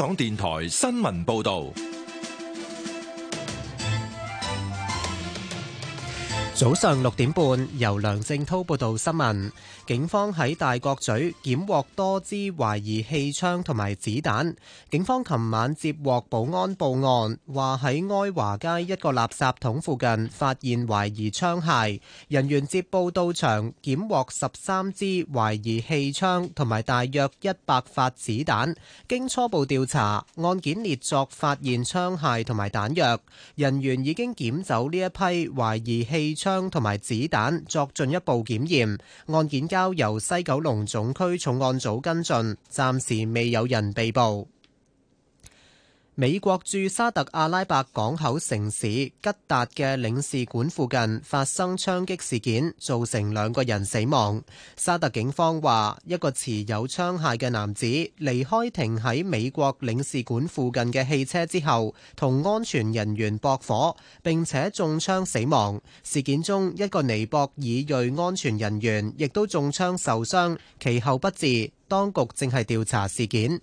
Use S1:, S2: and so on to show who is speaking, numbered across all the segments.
S1: 香港電台新聞報道。
S2: 早上六點半，由梁正滔報道新聞。警方喺大角咀檢獲多支懷疑氣槍同埋子彈。警方琴晚接獲保安報案，話喺埃華街一個垃圾桶附近發現懷疑槍械。人員接報到場，檢獲十三支懷疑氣槍同埋大約一百發子彈。經初步調查，案件列作發現槍械同埋彈藥。人員已經檢走呢一批懷疑氣槍。槍同埋子彈作進一步檢驗，案件交由西九龍總區重案組跟進，暫時未有人被捕。美國駐沙特阿拉伯港口城市吉達嘅領事館附近發生槍擊事件，造成兩個人死亡。沙特警方話，一個持有槍械嘅男子離開停喺美國領事館附近嘅汽車之後，同安全人員駁火，並且中槍死亡。事件中，一個尼泊爾裔安全人員亦都中槍受傷，其後不治。當局正係調查事件。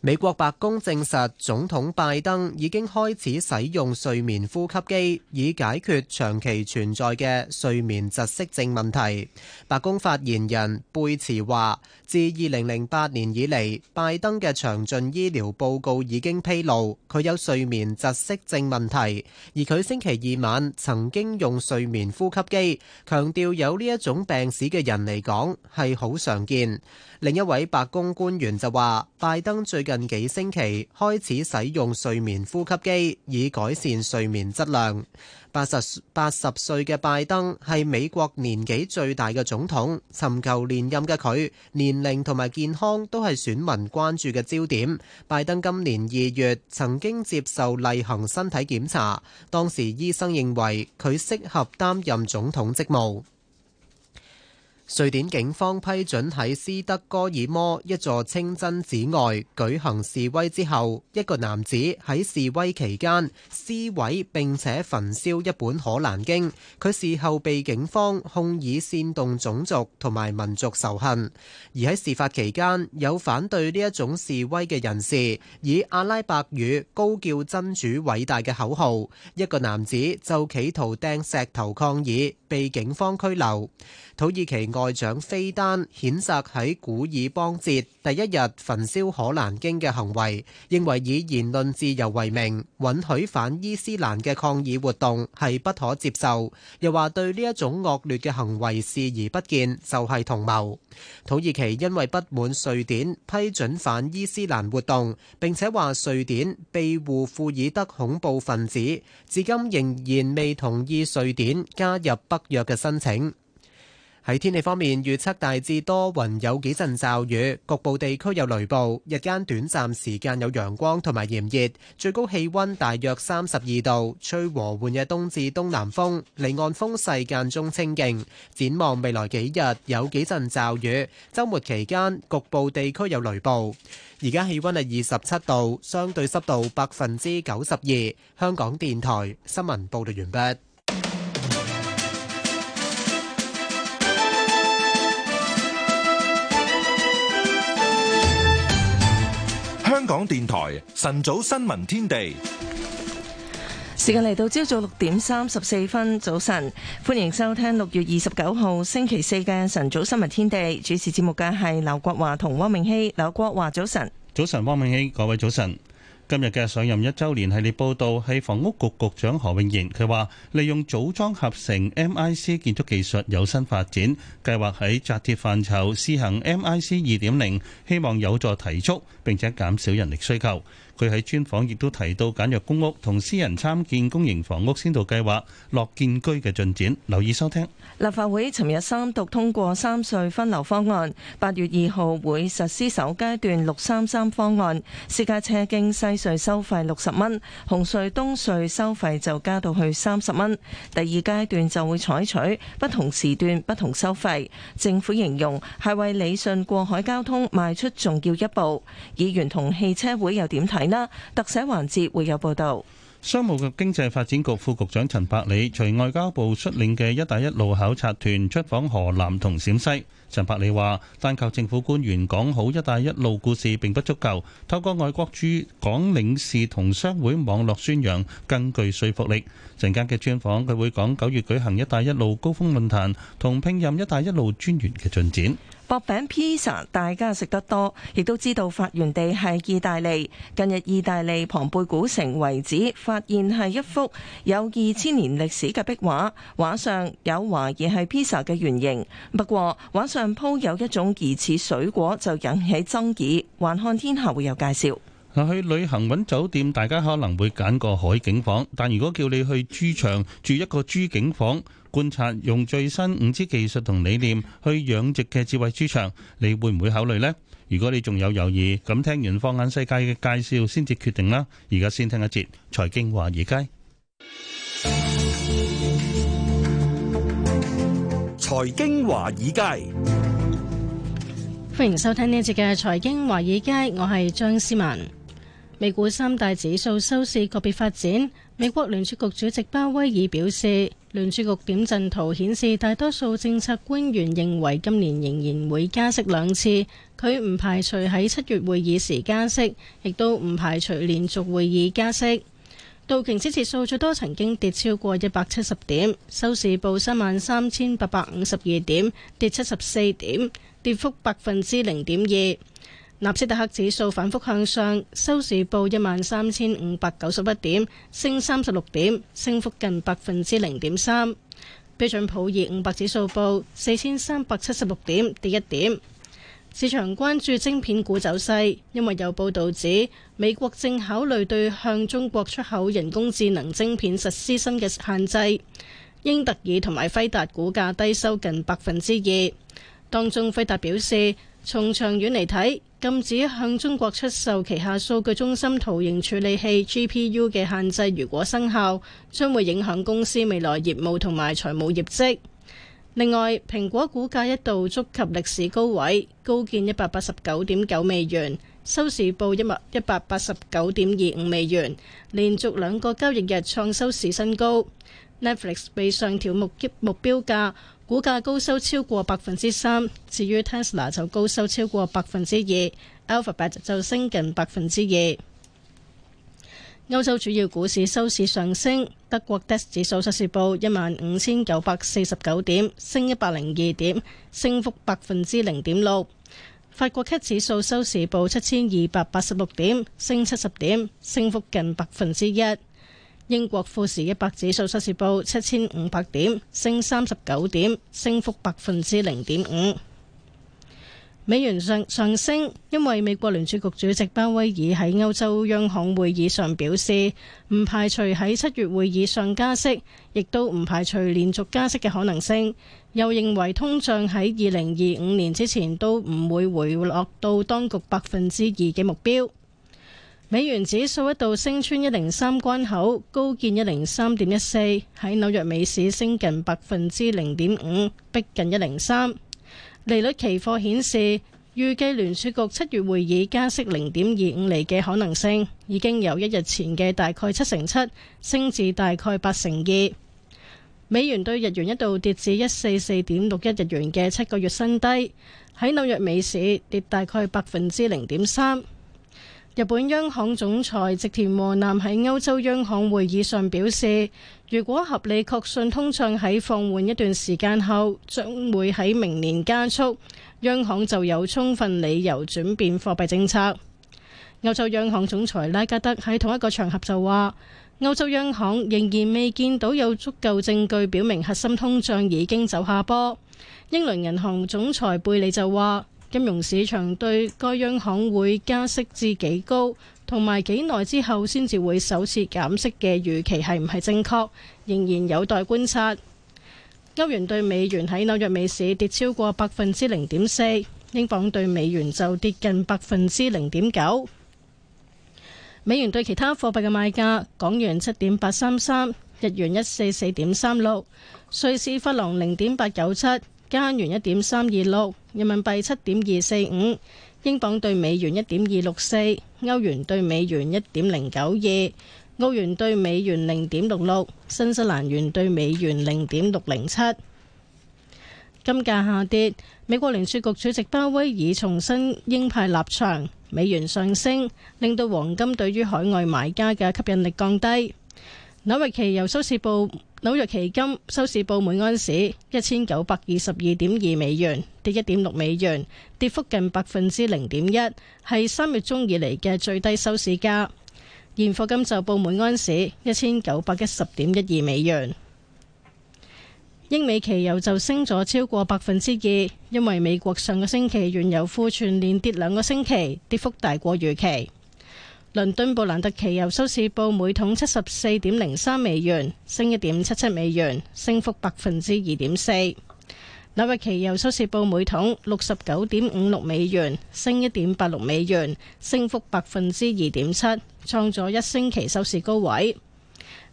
S2: 美國白宮證實，總統拜登已經開始使用睡眠呼吸機，以解決長期存在嘅睡眠窒息症問題。白宮發言人貝茨話，自二零零八年以嚟，拜登嘅詳盡醫療報告已經披露佢有睡眠窒息症問題，而佢星期二晚曾經用睡眠呼吸機，強調有呢一種病史嘅人嚟講係好常見。另一位白宮官員就話，拜登最近幾星期開始使用睡眠呼吸機，以改善睡眠質量。八十八十歲嘅拜登係美國年紀最大嘅總統，尋求連任嘅佢年齡同埋健康都係選民關注嘅焦點。拜登今年二月曾經接受例行身體檢查，當時醫生認為佢適合擔任總統職務。瑞典警方批准喺斯德哥爾摩一座清真寺外舉行示威之後，一個男子喺示威期間撕毀並且焚燒一本《可蘭經》，佢事後被警方控以煽動種族同埋民族仇恨。而喺事發期間，有反對呢一種示威嘅人士以阿拉伯語高叫真主偉大嘅口號，一個男子就企圖掟石頭抗議，被警方拘留。土耳其外長菲丹譴責喺古爾邦節第一日焚燒可蘭經嘅行為，認為以言論自由為名，允許反伊斯蘭嘅抗議活動係不可接受。又話對呢一種惡劣嘅行為視而不見就係同謀。土耳其因為不滿瑞典批准反伊斯蘭活動，並且話瑞典庇護庫爾德恐怖分子，至今仍然未同意瑞典加入北約嘅申請。喺天氣方面預測大致多雲，雲有幾陣驟雨，局部地區有雷暴，日間短暫時間有陽光同埋炎熱，最高氣溫大約三十二度，吹和緩嘅東至東南風，離岸風勢間中清勁。展望未來幾日有幾陣驟雨，週末期間局部地區有雷暴。而家氣溫係二十七度，相對濕度百分之九十二。香港電台新聞報道完畢。
S1: 香港電台晨早新聞天地，
S3: 時間嚟到朝早六點三十四分，早晨，歡迎收聽六月二十九號星期四嘅晨早新聞天地，主持節目嘅係劉國華同汪明熙。劉國華早晨，
S4: 早晨汪明熙，各位早晨。今日嘅上任一周年系列報道，係房屋局局長何永賢。佢話：利用組裝合成 MIC 建築技術有新發展，計劃喺紮鐵範疇施行 MIC 二點零，希望有助提速並且減少人力需求。佢喺專訪亦都提到簡約公屋同私人參建公營房屋先導計劃樂建居嘅進展，留意收聽。
S3: 立法會尋日三讀通過三隧分流方案，八月二號會實施首階段六三三方案，私家車經西隧收費六十蚊，紅隧、東隧收費就加到去三十蚊。第二階段就會採取不同時段不同收費。政府形容係為理順過海交通，邁出重要一步。議員同汽車會又點睇？啦，特寫環節會有報道。
S4: 商務及經濟發展局副局長陳百里隨外交部率領嘅“一帶一路”考察團出訪河南同陝西。陳百里話，單靠政府官員講好“一帶一路”故事並不足夠，透過外國駐港領事同商會網絡宣揚，更具說服力。陣間嘅專訪佢會講九月舉行“一帶一路”高峰論壇同聘任“一帶一路”專員嘅進展。
S3: 薄餅 pizza 大家食得多，亦都知道發源地係意大利。近日，意大利龐貝古城遺址發現係一幅有二千年歷史嘅壁畫，畫上有懷疑係 pizza 嘅原型。不過，畫上鋪有一種疑似水果，就引起爭議。環看天下會有介紹。去旅行揾
S4: 酒店，大家可能會揀個海景房。但如果叫你去豬場住一個豬景房，觀察用最新五 G 技術同理念去養殖嘅智慧豬場，你會唔會考慮呢？如果你仲有猶豫，咁聽完放眼世界嘅介紹先至決定啦。而家先聽一節《財經華爾街》。
S1: 《財經華爾街》，
S5: 歡迎收聽呢一節嘅《財經華爾街》，我係張思文。美股三大指數收市個別發展。美國聯儲局主席鮑威爾表示，聯儲局點陣圖顯示，大多數政策官員認為今年仍然會加息兩次。佢唔排除喺七月會議時加息，亦都唔排除連續會議加息。道瓊斯指數最多曾經跌超過一百七十點，收市報三萬三千八百五十二點，跌七十四點，跌幅百分之零點二。納斯達克指數反覆向上，收市報一萬三千五百九十一點，升三十六點，升幅近百分之零點三。標準普爾五百指數報四千三百七十六點，跌一點。市場關注晶片股走勢，因為有報道指美國正考慮對向中國出口人工智能晶片實施新嘅限制。英特爾同埋輝達股價低收近百分之二，當中輝達表示。從長遠嚟睇，禁止向中國出售旗下數據中心圖形處理器 GPU 嘅限制，如果生效，將會影響公司未來業務同埋財務業績。另外，蘋果股價一度觸及歷史高位，高見一百八十九點九美元，收市報一百一百八十九點二五美元，連續兩個交易日創收市新高。Netflix 被上調目，目標目標價。股價高收超過百分之三，至於 Tesla 就高收超過百分之二，Alphabet 就升近百分之二。歐洲主要股市收市上升，德國 DAX 指數收市報一萬五千九百四十九點，升一百零二點，升幅百分之零點六。法國 CAC 指數收市報七千二百八十六點，升七十點，升幅近百分之一。英國富時一百指數實時報七千五百點，升三十九點，升幅百分之零點五。美元上上升，因為美國聯儲局主席鮑威爾喺歐洲央行會議上表示，唔排除喺七月會議上加息，亦都唔排除連續加息嘅可能性。又認為通脹喺二零二五年之前都唔會回落到當局百分之二嘅目標。美元指數一度升穿一零三關口，高見一零三點一四，喺紐約美市升近百分之零點五，逼近一零三。利率期貨顯示，預計聯儲局七月會議加息零點二五厘嘅可能性已經由一日前嘅大概七成七升至大概八成二。美元對日元一度跌至一四四點六一日元嘅七個月新低，喺紐約美市跌大概百分之零點三。日本央行總裁植田和男喺歐洲央行會議上表示，如果合理確信通脹喺放緩一段時間後，將會喺明年加速，央行就有充分理由轉變貨幣政策。歐洲央行總裁拉加德喺同一個場合就話，歐洲央行仍然未見到有足夠證據表明核心通脹已經走下坡。英倫銀行總裁貝利就話。金融市場對該央行會加息至幾高，同埋幾耐之後先至會首次減息嘅預期係唔係正確，仍然有待觀察。歐元對美元喺紐約美市跌超過百分之零點四，英鎊對美元就跌近百分之零點九。美元對其他貨幣嘅賣價：港元七點八三三，日元一四四點三六，瑞士法郎零點八九七。加元一點三二六，人民幣七點二四五，英鎊對美元一點二六四，歐元對美元一點零九二，澳元對美元零點六六，新西蘭元對美元零點六零七。金價下跌，美國聯儲局主席鮑威爾重申鷹派立場，美元上升，令到黃金對於海外買家嘅吸引力降低。紐約期油收市報，紐約期金收市報每安士一千九百二十二點二美元，跌一點六美元，跌幅近百分之零點一，係三月中以嚟嘅最低收市價。現貨金就報每安士一千九百一十點一二美元。英美期油就升咗超過百分之二，因為美國上個星期原油庫存連跌兩個星期，跌幅大過預期。倫敦布蘭特期油收市報每桶七十四點零三美元，升一點七七美元，升幅百分之二點四。紐約期油收市報每桶六十九點五六美元，升一點八六美元，升幅百分之二點七，創咗一星期收市高位。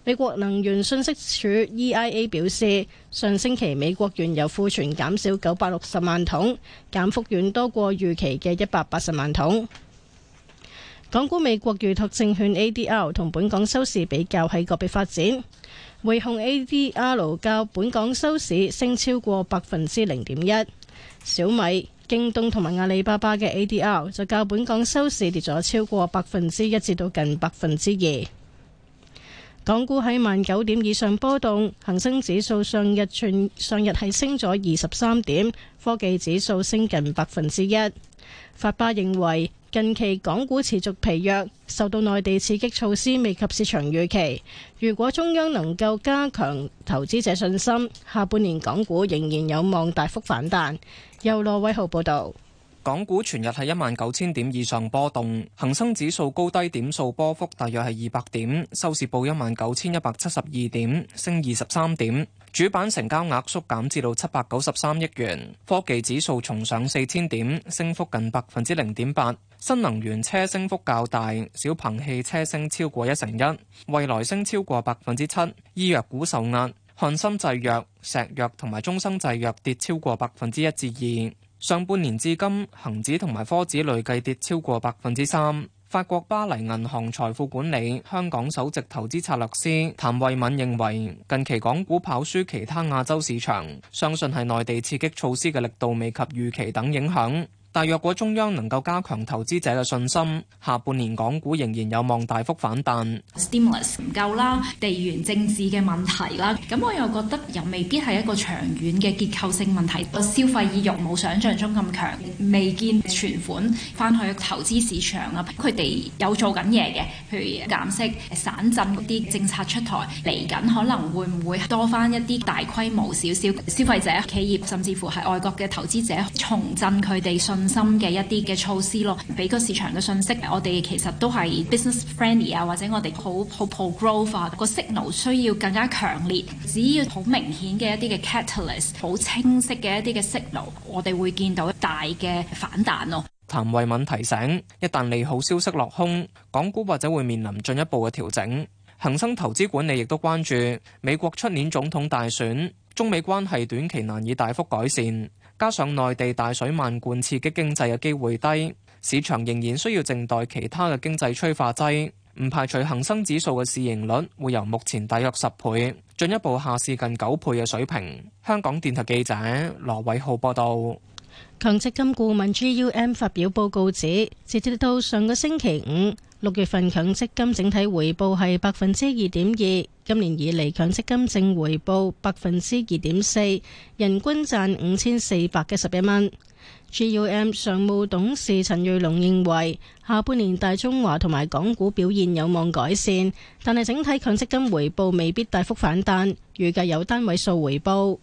S5: 美國能源信息署 （EIA） 表示，上星期美國原油庫存減少九百六十萬桶，減幅遠多過預期嘅一百八十萬桶。港股、美國預託證券 ADR 同本港收市比較係個別發展，匯控 ADR 較本港收市升超過百分之零點一，小米、京東同埋阿里巴巴嘅 ADR 就較本港收市跌咗超過百分之一至到近百分之二。港股喺萬九點以上波動，恒生指數上日串上日係升咗二十三點，科技指數升近百分之一。法巴認為，近期港股持續疲弱，受到內地刺激措施未及市場預期。如果中央能夠加強投資者信心，下半年港股仍然有望大幅反彈。又羅威浩報道，
S6: 港股全日係一萬九千點以上波動，恒生指數高低點數波幅大約係二百點，收市報一萬九千一百七十二點，升二十三點。主板成交額縮減至到七百九十三億元，科技指數重上四千點，升幅近百分之零點八。新能源車升幅較大，小鵬汽車升超過一成一，蔚來升超過百分之七。醫藥股受壓，漢森製藥、石藥同埋中生製藥跌超過百分之一至二。上半年至今，恒指同埋科指累計跌超過百分之三。法國巴黎銀行財富管理香港首席投資策略師譚慧敏認為，近期港股跑輸其他亞洲市場，相信係內地刺激措施嘅力度未及預期等影響。但若果中央能夠加強投資者嘅信心，下半年港股仍然有望大幅反彈。
S7: Stimulus 唔夠啦，地緣政治嘅問題啦，咁我又覺得又未必係一個長遠嘅結構性問題。個消費意欲冇想象中咁強，未見存款返去投資市場啊。佢哋有做緊嘢嘅，譬如減息、省鎮啲政策出台嚟緊，可能會唔會多返一啲大規模少少消費者、企業，甚至乎係外國嘅投資者重振佢哋信心嘅一啲嘅措施咯，俾個市場嘅信息，我哋其實都係 business friendly 啊，或者我哋好好好 growth 個 signal 需要更加強烈，只要好明顯嘅一啲嘅 catalyst，好清晰嘅一啲嘅 signal，我哋會見到大嘅反彈咯。
S6: 譚慧敏提醒，一旦利好消息落空，港股或者會面臨進一步嘅調整。恒生投資管理亦都關注美國出年總統大選，中美關係短期難以大幅改善。加上內地大水漫灌刺激經濟嘅機會低，市場仍然需要靜待其他嘅經濟催化劑。唔排除恒生指數嘅市盈率會由目前大約十倍，進一步下試近九倍嘅水平。香港電台記者羅偉浩報道，
S5: 強積金顧問 GUM 發表報告指，直至到上個星期五。六月份強積金整體回報係百分之二點二，今年以嚟強積金正回報百分之二點四，人均賺五千四百一十一蚊。G.U.M. 常務董事陳瑞龍認為，下半年大中華同埋港股表現有望改善，但係整體強積金回報未必大幅反彈，預計有單位數回報。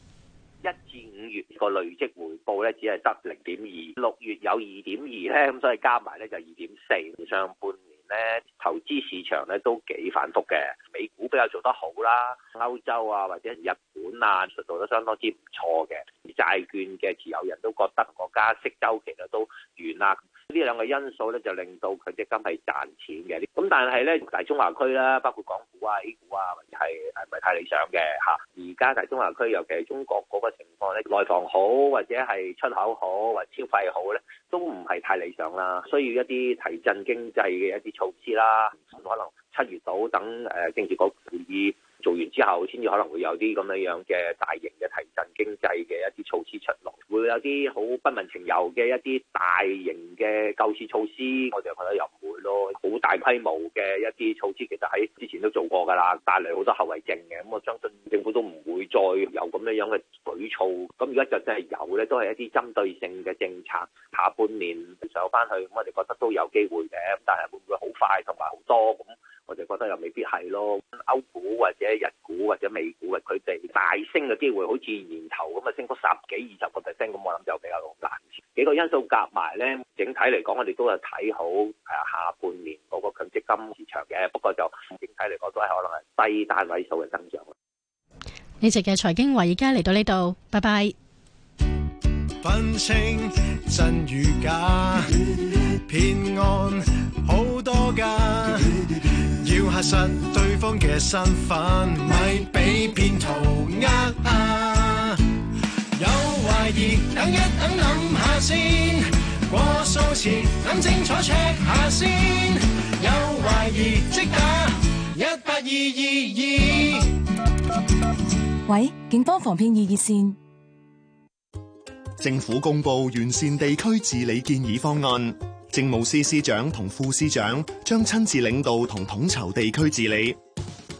S8: 一至五月個累積回報呢，只係得零點二，六月有二點二呢，咁所以加埋呢就二點四，上半。咧投資市場咧都幾反覆嘅，美股比較做得好啦，歐洲啊或者日本啊，實做得相當之唔錯嘅，啲債券嘅持有人都覺得個加息周期咧都完啦。呢兩個因素咧，就令到強積金係賺錢嘅。咁但係咧，大中華區啦，包括港股啊、A 股啊，或者係係唔係太理想嘅嚇。而、啊、家大中華區，尤其係中國嗰個情況咧，內房好或者係出口好或者消費好咧，都唔係太理想啦。需要一啲提振經濟嘅一啲措施啦。可能七月到等誒、呃、政治局會議。做完之後，先至可能會有啲咁樣樣嘅大型嘅提振經濟嘅一啲措施出嚟，會有啲好不問情由嘅一啲大型嘅救市措施，我哋覺得又唔會咯。好大規模嘅一啲措施，其實喺之前都做過㗎啦，帶嚟好多後遺症嘅。咁我相信政府都唔會再有咁樣樣嘅舉措。咁而家就真係有咧，都係一啲針對性嘅政策。下半年上返去，咁我哋覺得都有機會嘅。咁但係會唔會好快同埋好多咁？我就覺得又未必係咯，歐股或者日股或者美股嘅佢哋大升嘅機會，好似年頭咁啊，升幅十幾二十個 percent 咁，我諗就比較難。幾個因素夾埋咧，整體嚟講，我哋都係睇好誒下半年嗰個強積金市場嘅。不過就整體嚟講，都係可能係低單位數嘅增長。
S5: 呢集嘅財經話事家嚟到呢度，拜拜。
S9: 分清真與假，騙案好多㗎。要核實對方嘅身份，咪俾對騙徒
S2: 呃啊！有
S9: 懷疑，等一等諗下先，過數前，諗清楚 check 下先。有懷疑即打
S4: 一八二二二。
S10: 喂，警方
S7: 防騙二熱線。
S11: 政府公布完善地區治理建議方案。政務司司長同副司長將親自領導同統籌地區治理，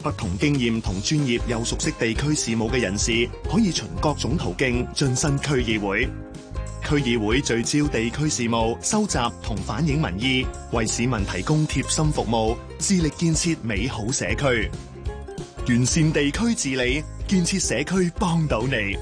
S11: 不同經驗同專業又熟悉地區事務嘅人士，可以循各種途徑進身區議會。區議會聚焦地區事務，收集同反映民意，為市民提供貼心服務，致力建設美好社區，完善地區治理，建設社區，幫到你。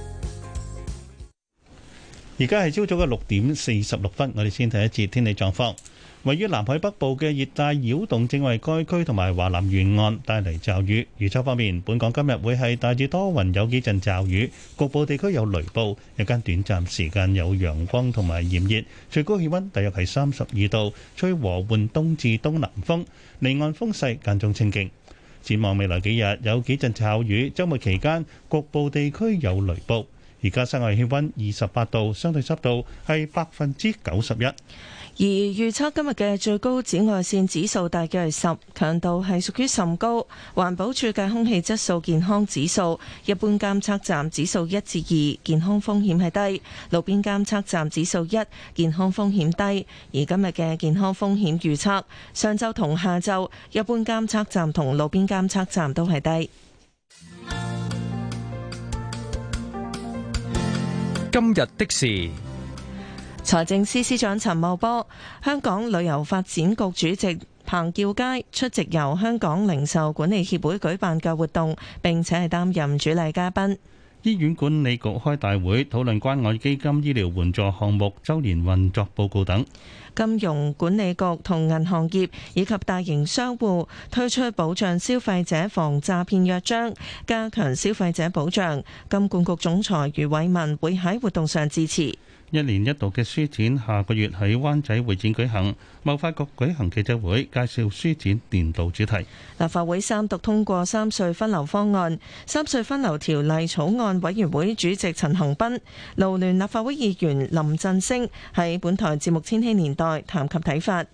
S4: 而家係朝早嘅六點四十六分，我哋先睇一節天氣狀況。位於南海北部嘅熱帶擾動正為該區同埋華南沿岸帶嚟驟雨。預測方面，本港今日會係大致多雲，有幾陣驟雨，局部地區有雷暴，日間短暫時間有陽光同埋炎熱，最高氣温大約係三十二度，吹和緩東至東南風，離岸風勢間中清勁。展望未來幾日有幾陣驟雨，週末期間局部地區有雷暴。而家室外氣溫二十八度，相對濕度係百分之九
S3: 十一。而預測今日嘅最高紫外線指數大約係十，強度係屬於甚高。環保署嘅空氣質素健康指數一般監測站指數一至二，健康風險係低；路邊監測站指數一，健康風險低。而今日嘅健康風險預測，上晝同下晝一般監測站同路邊監測站都係低。
S12: 今日的事，
S3: 財政司司長陳茂波、香港旅遊發展局主席彭耀佳出席由香港零售管理協會舉辦嘅活動，並且係擔任主禮嘉賓。醫
S4: 院管理局開大會討論關愛基金醫療援助項目周年運作報告等。
S3: 金融管理局同銀行業以及大型商戶推出保障消費者防詐騙約章，加強消費者保障。金管局總裁余偉文會喺活動上致辭。
S4: 一年一度嘅書展下個月喺灣仔會展舉行，貿發局舉行記者會介紹書展年度主題。
S3: 立法會三讀通過三隧分流方案，三隧分流條例草案委員會主席陳恒鑌、勞聯立法會議員林振昇喺本台節目《千禧年代》談及睇法。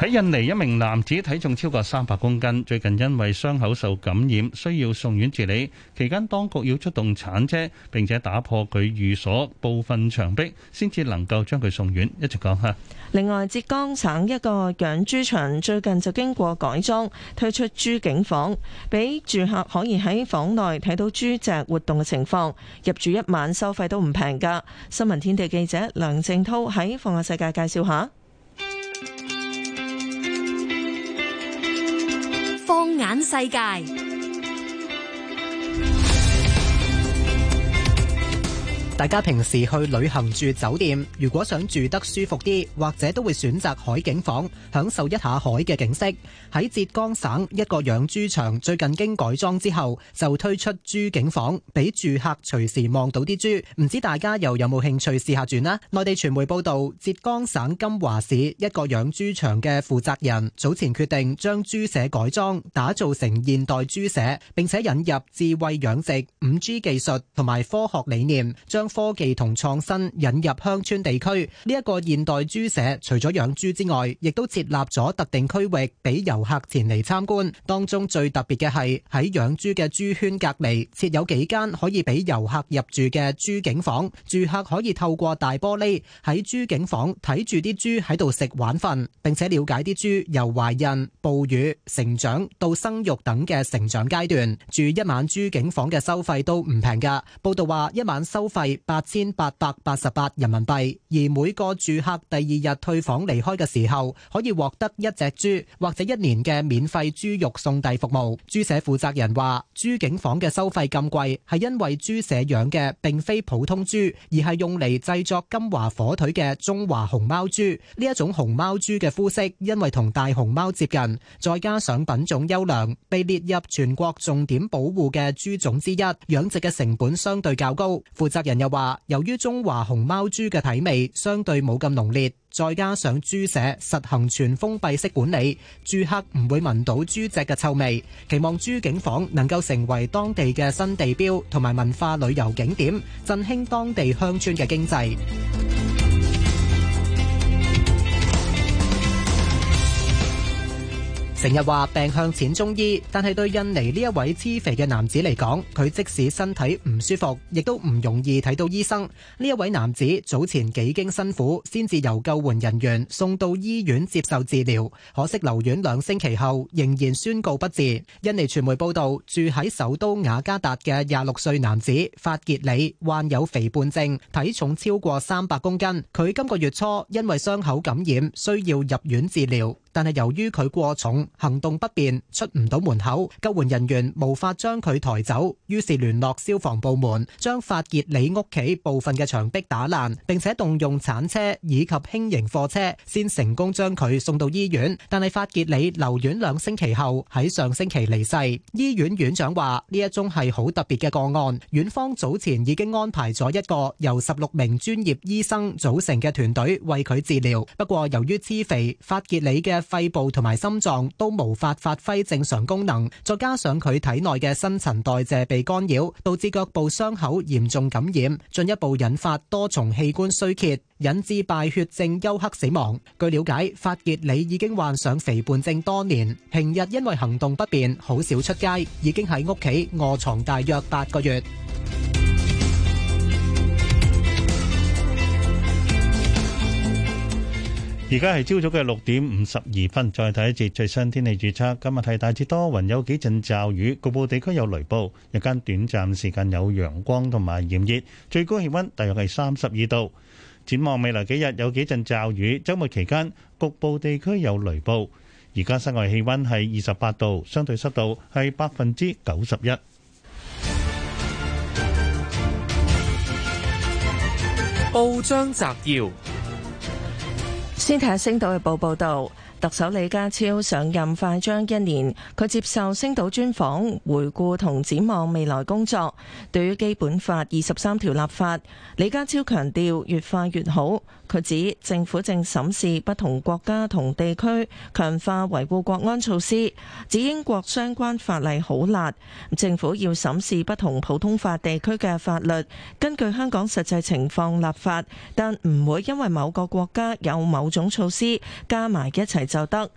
S4: 喺印尼，一名男子體重超過三百公斤，最近因為傷口受感染，需要送院治理。期間當局要出動鏟車，並且打破佢寓所部分牆壁，先至能夠將佢送院。一直講下。
S3: 另外，浙江省一個養豬場最近就經過改裝推出豬景房，俾住客可以喺房內睇到豬隻活動嘅情況，入住一晚收費都唔平噶。新聞天地記者梁靜濤喺《放下世界》介紹下。
S6: 放眼世界。
S2: 大家平時去旅行住酒店，如果想住得舒服啲，或者都會選擇海景房，享受一下海嘅景色。喺浙江省一個養豬場最近經改裝之後，就推出豬景房，俾住客隨時望到啲豬。唔知大家又有冇興趣試下轉呢？內地傳媒報道，浙江省金華市一個養豬場嘅負責人早前決定將豬舍改裝，打造成現代豬舍，並且引入智慧養殖、5G 技術同埋科學理念，將科技同創新引入鄉村地區呢一個現代豬舍，除咗養豬之外，亦都設立咗特定區域俾遊客前嚟參觀。當中最特別嘅係喺養豬嘅豬圈隔籬設有幾間可以俾遊客入住嘅豬景房，住客可以透過大玻璃喺豬景房睇住啲豬喺度食、玩、瞓，並且了解啲豬由懷孕、哺乳、成長到生育等嘅成長階段。住一晚豬景房嘅收費都唔平噶。報道話一晚收費八千八百八十八人民幣，而每個住客第二日退房離開嘅時候，可以獲得一隻豬或者一年嘅免費豬肉送遞服務。豬舍負責人話，豬景房嘅收費咁貴，係因為豬舍養嘅並非普通豬，而係用嚟製作金華火腿嘅中華熊貓豬。呢一種熊貓豬嘅膚色因為同大熊貓接近，再加上品種優良，被列入全國重點保護嘅豬種之一，養殖嘅成本相對較高。負責人。又話，由於中華熊貓豬嘅體味相對冇咁濃烈，再加上豬舍實行全封閉式管理，住客唔會聞到豬隻嘅臭味。期望豬景房能夠成為當地嘅新地標同埋文化旅遊景點，振興當地鄉村嘅經濟。成日話病向淺中醫，但係對印尼呢一位黐肥嘅男子嚟講，佢即使身體唔舒服，亦都唔容易睇到醫生。呢一位男子早前幾經辛苦，先至由救援人員送到醫院接受治療。可惜留院兩星期後，仍然宣告不治。印尼傳媒報道，住喺首都雅加達嘅廿六歲男子法傑里患有肥胖症，體重超過三百公斤。佢今個月初因為傷口感染，需要入院治療。但係由於佢過重，行動不便，出唔到門口，救援人員無法將佢抬走，於是聯絡消防部門，將法傑里屋企部分嘅牆壁打爛，並且動用鏟車以及輕型貨車，先成功將佢送到醫院。但係法傑里留院兩星期後，喺上星期離世。醫院院長話：呢一宗係好特別嘅個案，院方早前已經安排咗一個由十六名專業醫生組成嘅團隊為佢治療。不過由於癡肥，法傑里嘅肺部同埋心臟都無法發揮正常功能，再加上佢體內嘅新陳代謝被干擾，導致腳部傷口嚴重感染，進一步引發多重器官衰竭，引致敗血症休克死亡。據了解，法杰里已經患上肥胖症多年，平日因為行動不便，好少出街，已經喺屋企臥床大約八個月。
S4: 而家係朝早嘅六點五十二分，再睇一節最新天氣預測。今日係大致多雲，有幾陣驟雨，局部地區有雷暴，日間短暫時間有陽光同埋炎熱，最高氣溫大約係三十二度。展望未來幾日有幾陣驟雨，周末期間局部地區有雷暴。而家室外氣溫係二十八度，相對濕度係百分之九十一。報章摘要。
S3: 先睇下《星島日報》報導。特首李家超上任快將一年，佢接受星島專訪，回顧同展望未來工作。對於基本法二十三條立法，李家超強調越快越好。佢指政府正審視不同國家同地區強化維護國安措施，指英國相關法例好辣，政府要審視不同普通法地區嘅法律，根據香港實際情況立法，但唔會因為某個國家有某種措施加埋一齊。就得。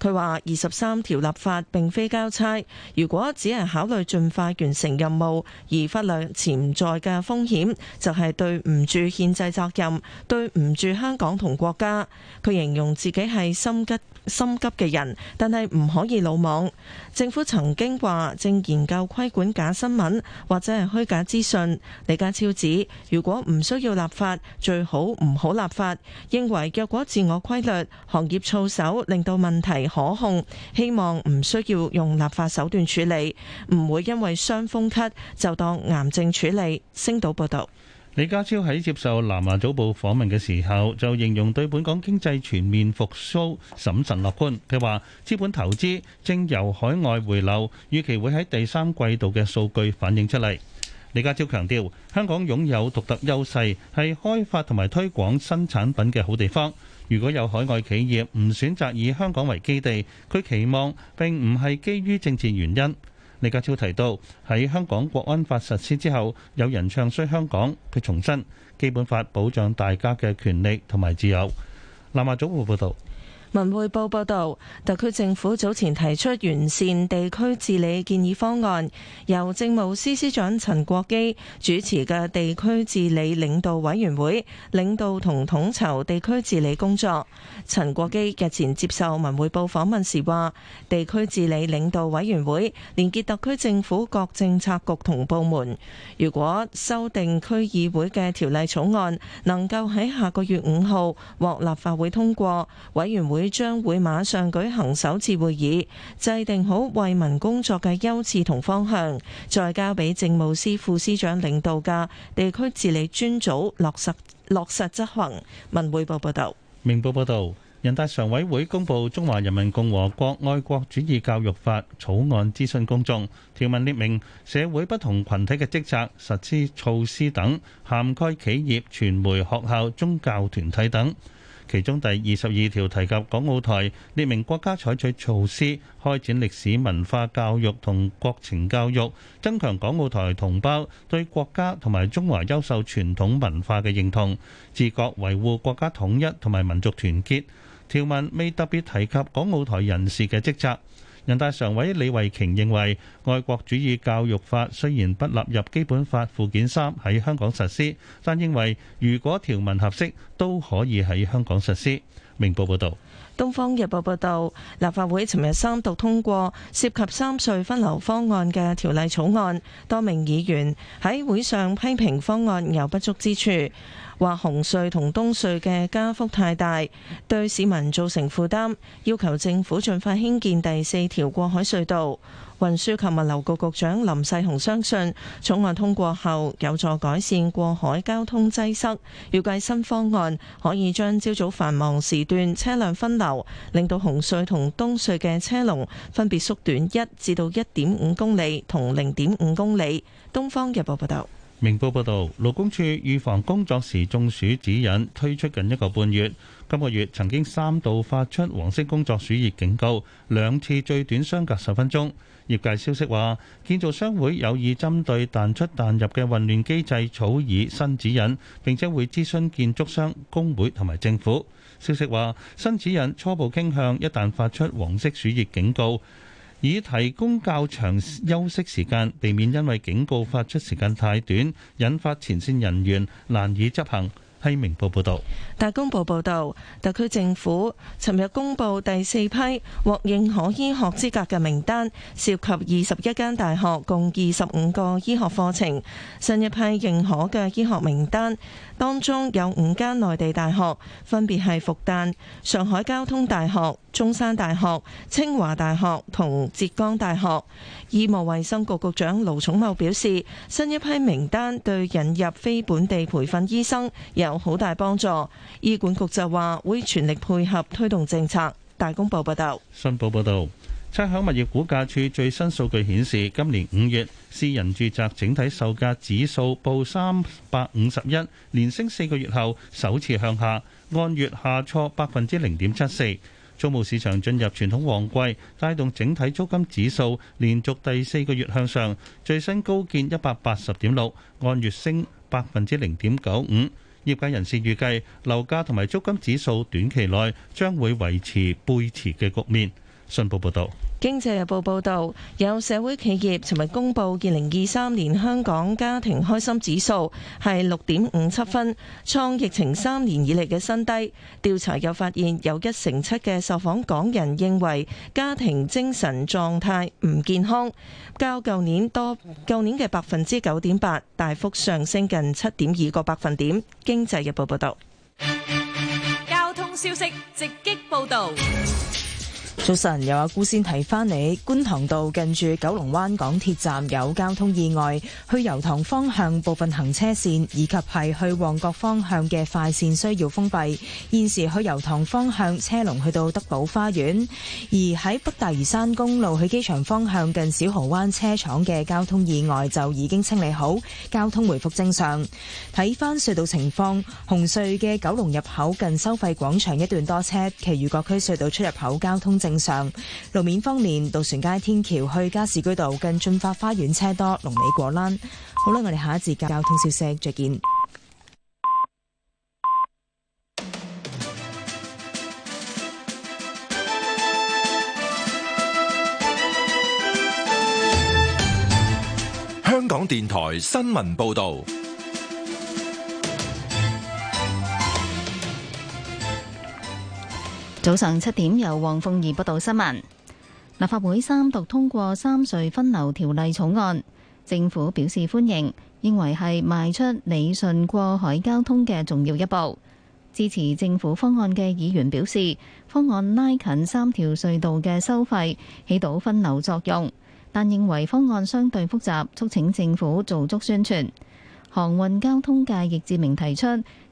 S3: 佢話二十三條立法並非交差，如果只係考慮盡快完成任務而忽略潛在嘅風險，就係對唔住憲制責任，對唔住香港同國家。佢形容自己係心急心急嘅人，但係唔可以魯莽。政府曾經話正研究規管假新聞或者係虛假資訊，李家超指：如果唔需要立法，最好唔好立法。認為若果自我規律、行業操守令到問題。可控，希望唔需要用立法手段處理，唔會因為傷風咳就當癌症處理。星島報道，
S4: 李家超喺接受《南華早報》訪問嘅時候，就形容對本港經濟全面復蘇審慎樂觀。佢話，資本投資正由海外回流，預期會喺第三季度嘅數據反映出嚟。李家超強調，香港擁有獨特優勢，係開發同埋推廣新產品嘅好地方。如果有海外企業唔選擇以香港為基地，佢期望並唔係基於政治原因。李家超提到，喺香港國安法實施之後，有人唱衰香港，佢重申基本法保障大家嘅權利同埋自由。南華早報報導。
S3: 文匯報報道，特區政府早前提出完善地區治理建議方案，由政務司司長陳國基主持嘅地區治理領導委員會，領導同統籌地區治理工作。陳國基日前接受文匯報訪問時話，地區治理領導委員會連結特區政府各政策局同部門。如果修訂區議會嘅條例草案能夠喺下個月五號獲立法會通過，委員會。將會馬上舉行首次會議，制定好惠民工作嘅優次同方向，再交俾政務司副司長領導嘅地區治理專組落實落實執行。文匯報報導。
S4: 明報報導，人大常委會公布《中華人民共和國愛國主義教育法》草案諮詢公眾，條文列明社會不同群體嘅職責、實施措施等，涵蓋企業、傳媒、學校、宗教團體等。其中第二十二條提及港澳台，列明國家採取措施開展歷史文化教育同國情教育，增強港澳台同胞對國家同埋中華優秀傳統文化嘅認同，自覺維護國家統一同埋民族團結，條文未特別提及港澳台人士嘅職責。人大常委李慧瓊認為，愛國主義教育法雖然不納入基本法附件三喺香港實施，但認為如果條文合適，都可以喺香港實施。明報報道：
S3: 東方日報報道，立法會尋日三讀通過涉及三隧分流方案嘅條例草案，多名議員喺會上批評方案有不足之處。話紅隧同東隧嘅加幅太大，對市民造成負擔，要求政府盡快興建第四條過海隧道。運輸及物流局局長林世雄相信草案通過後有助改善過海交通擠塞，預計新方案可以將朝早繁忙時段車輛分流，令到紅隧同東隧嘅車龍分別縮短一至到一點五公里同零點五公里。東方日報報道。
S4: 明報報道，勞工處預防工作時中暑指引推出近一個半月，今個月曾經三度發出黃色工作暑熱警告，兩次最短相隔十分鐘。業界消息話，建造商會有意針對彈出彈入嘅混亂機制草擬新指引，並且會諮詢建築商、工會同埋政府。消息話，新指引初步傾向一旦發出黃色暑熱警告。以提供較長休息時間，避免因為警告發出時間太短，引發前線人員難以執行。《明報》報道。
S3: 大公報報道，特區政府尋日公布第四批獲認可醫學資格嘅名單，涉及二十一間大學共二十五個醫學課程。上一批認可嘅醫學名單當中有五間內地大學，分別係復旦、上海交通大學。中山大學、清華大學同浙江大學，醫務衛生局局長盧寵茂表示，新一批名單對引入非本地培訓醫生有好大幫助。醫管局就話會全力配合推動政策。大公報報道，
S4: 新報報道，差餉物業估價處最新數據顯示，今年五月私人住宅整體售價指數報三百五十一，連升四個月後首次向下，按月下挫百分之零點七四。租務市場進入傳統旺季，帶動整體租金指數連續第四個月向上，最新高見一百八十點六，按月升百分之零點九五。業界人士預計，樓價同埋租金指數短期內將會維持背馳嘅局面。信報報道。
S3: 經濟日報報道，有社會企業尋日公布二零二三年香港家庭開心指數係六點五七分，創疫情三年以嚟嘅新低。調查又發現，有一成七嘅受訪港人認為家庭精神狀態唔健康，較舊年多，舊年嘅百分之九點八大幅上升近七點二個百分點。經濟日報報道。
S7: 交通消息，直擊報道。
S13: 早晨，有阿姑先提翻你，觀塘道近住九龍灣港鐵站有交通意外，去油塘方向部分行車線以及係去旺角方向嘅快線需要封閉。現時去油塘方向車龍去到德寶花園，而喺北大嶼山公路去機場方向近小蠔灣車廠嘅交通意外就已經清理好，交通回復正常。睇翻隧道情況，紅隧嘅九龍入口近收費廣場一段多車，其餘各區隧道出入口交通正。上路面方面，渡船街天橋去加士居道近駿發花園車多，龍尾過欄。好啦，我哋下一節嘅交通消息，再見。
S1: 香港電台新聞報道。
S10: 早上七點，由黃鳳儀報道新聞。立法會三讀通過《三隧分流條例》草案，政府表示歡迎，認為係邁出理順過海交通嘅重要一步。支持政府方案嘅議員表示，方案拉近三條隧道嘅收費，起到分流作用，但認為方案相對複雜，促請政府做足宣傳。航運交通界易志明提出，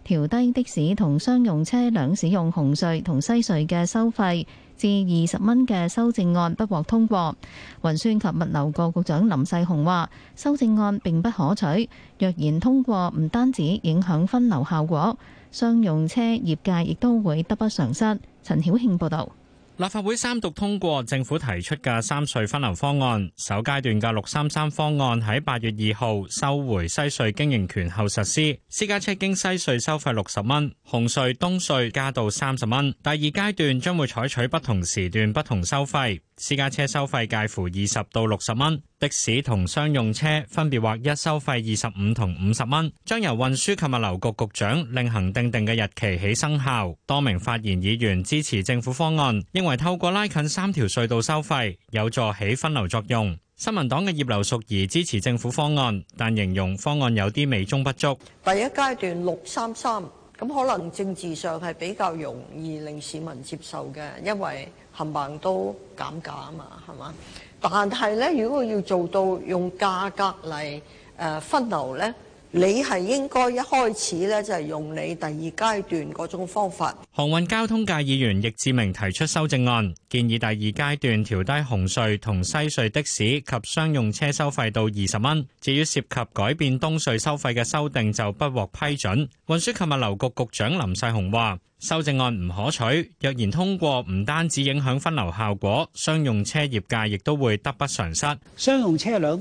S10: 調低的士同商用車輛使用紅隧同西隧嘅收費至二十蚊嘅修正案不獲通過。運輸及物流局局長林世雄話，修正案並不可取，若然通過，唔單止影響分流效果，商用車業界亦都會得不償失。陳曉慶報道。
S14: 立法會三讀通過政府提出嘅三隧分流方案，首階段嘅六三三方案喺八月二號收回西隧經營權後實施，私家車經西隧收費六十蚊，紅隧、東隧加到三十蚊。第二階段將會採取不同時段不同收費。私家車收費介乎二十到六十蚊，的士同商用車分別劃一收費二十五同五十蚊，將由運輸及物流局局長另行訂定嘅日期起生效。多名發言議員支持政府方案，認為透過拉近三條隧道收費有助起分流作用。新民黨嘅葉劉淑儀支持政府方案，但形容方案有啲美中不足。
S15: 第一階段六三三，咁可能政治上係比較容易令市民接受嘅，因為冚唪唥都減價啊嘛，係嘛？但係咧，如果要做到用價格嚟誒分流咧。你係應該一開始咧，就係用你第二階段嗰種方法。
S14: 航運交通界議員易志明提出修正案，建議第二階段調低紅隧同西隧的士及商用車收費到二十蚊。至於涉及改變東隧收費嘅修訂，就不獲批准。運輸及物流局局長林世雄話：修正案唔可取，若然通過，唔單止影響分流效果，商用車業界亦都會得不償失。
S16: 商用車輛。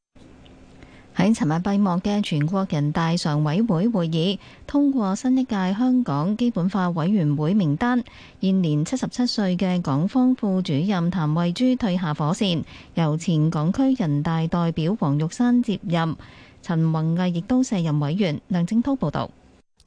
S10: 喺尋日閉幕嘅全國人大常委會會議通過新一屆香港基本法委員會名單，現年七十七歲嘅港方副主任譚慧珠退下火線，由前港區人大代表黃玉山接任，陳弘毅亦都卸任委員。梁正滔報導。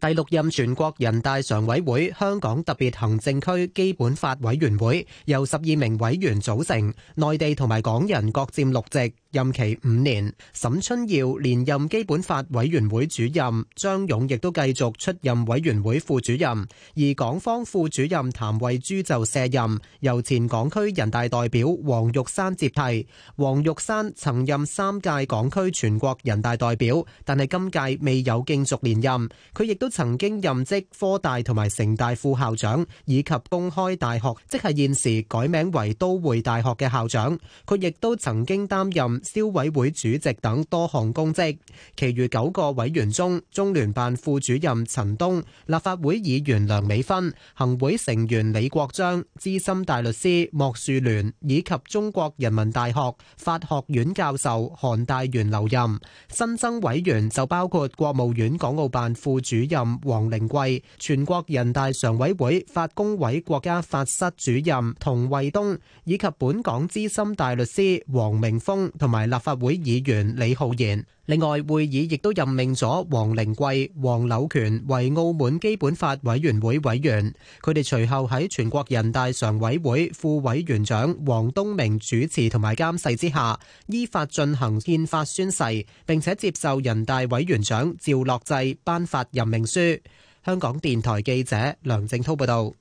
S2: 第六任全國人大常委會香港特別行政區基本法委員會由十二名委員組成，內地同埋港人各占六席，任期五年。沈春耀連任基本法委員會主任，張勇亦都繼續出任委員會副主任，而港方副主任譚慧珠就卸任，由前港區人大代表黃玉山接替。黃玉山曾任三屆港區全國人大代表，但係今屆未有競逐連任，佢亦都。曾經任職科大同埋城大副校長，以及公開大學（即係現時改名為都會大學）嘅校長。佢亦都曾經擔任消委會主席等多項公職。其餘九個委員中，中聯辦副主任陳東、立法會議員梁美芬、行會成員李國章、資深大律師莫樹聯，以及中國人民大學法學院教授韓大元留任。新增委員就包括國務院港澳辦副主任。任王靈貴，全國人大常委會法工委國家法室主任童衛東，以及本港資深大律師黃明峰，同埋立法會議員李浩然。另外，會議亦都任命咗王靈桂、黃柳權為澳門基本法委員會委員。佢哋隨後喺全國人大常委會副委員長王東明主持同埋監誓之下，依法進行憲法宣誓，並且接受人大委員長趙樂際頒發任命書。香港電台記者梁正滔報道。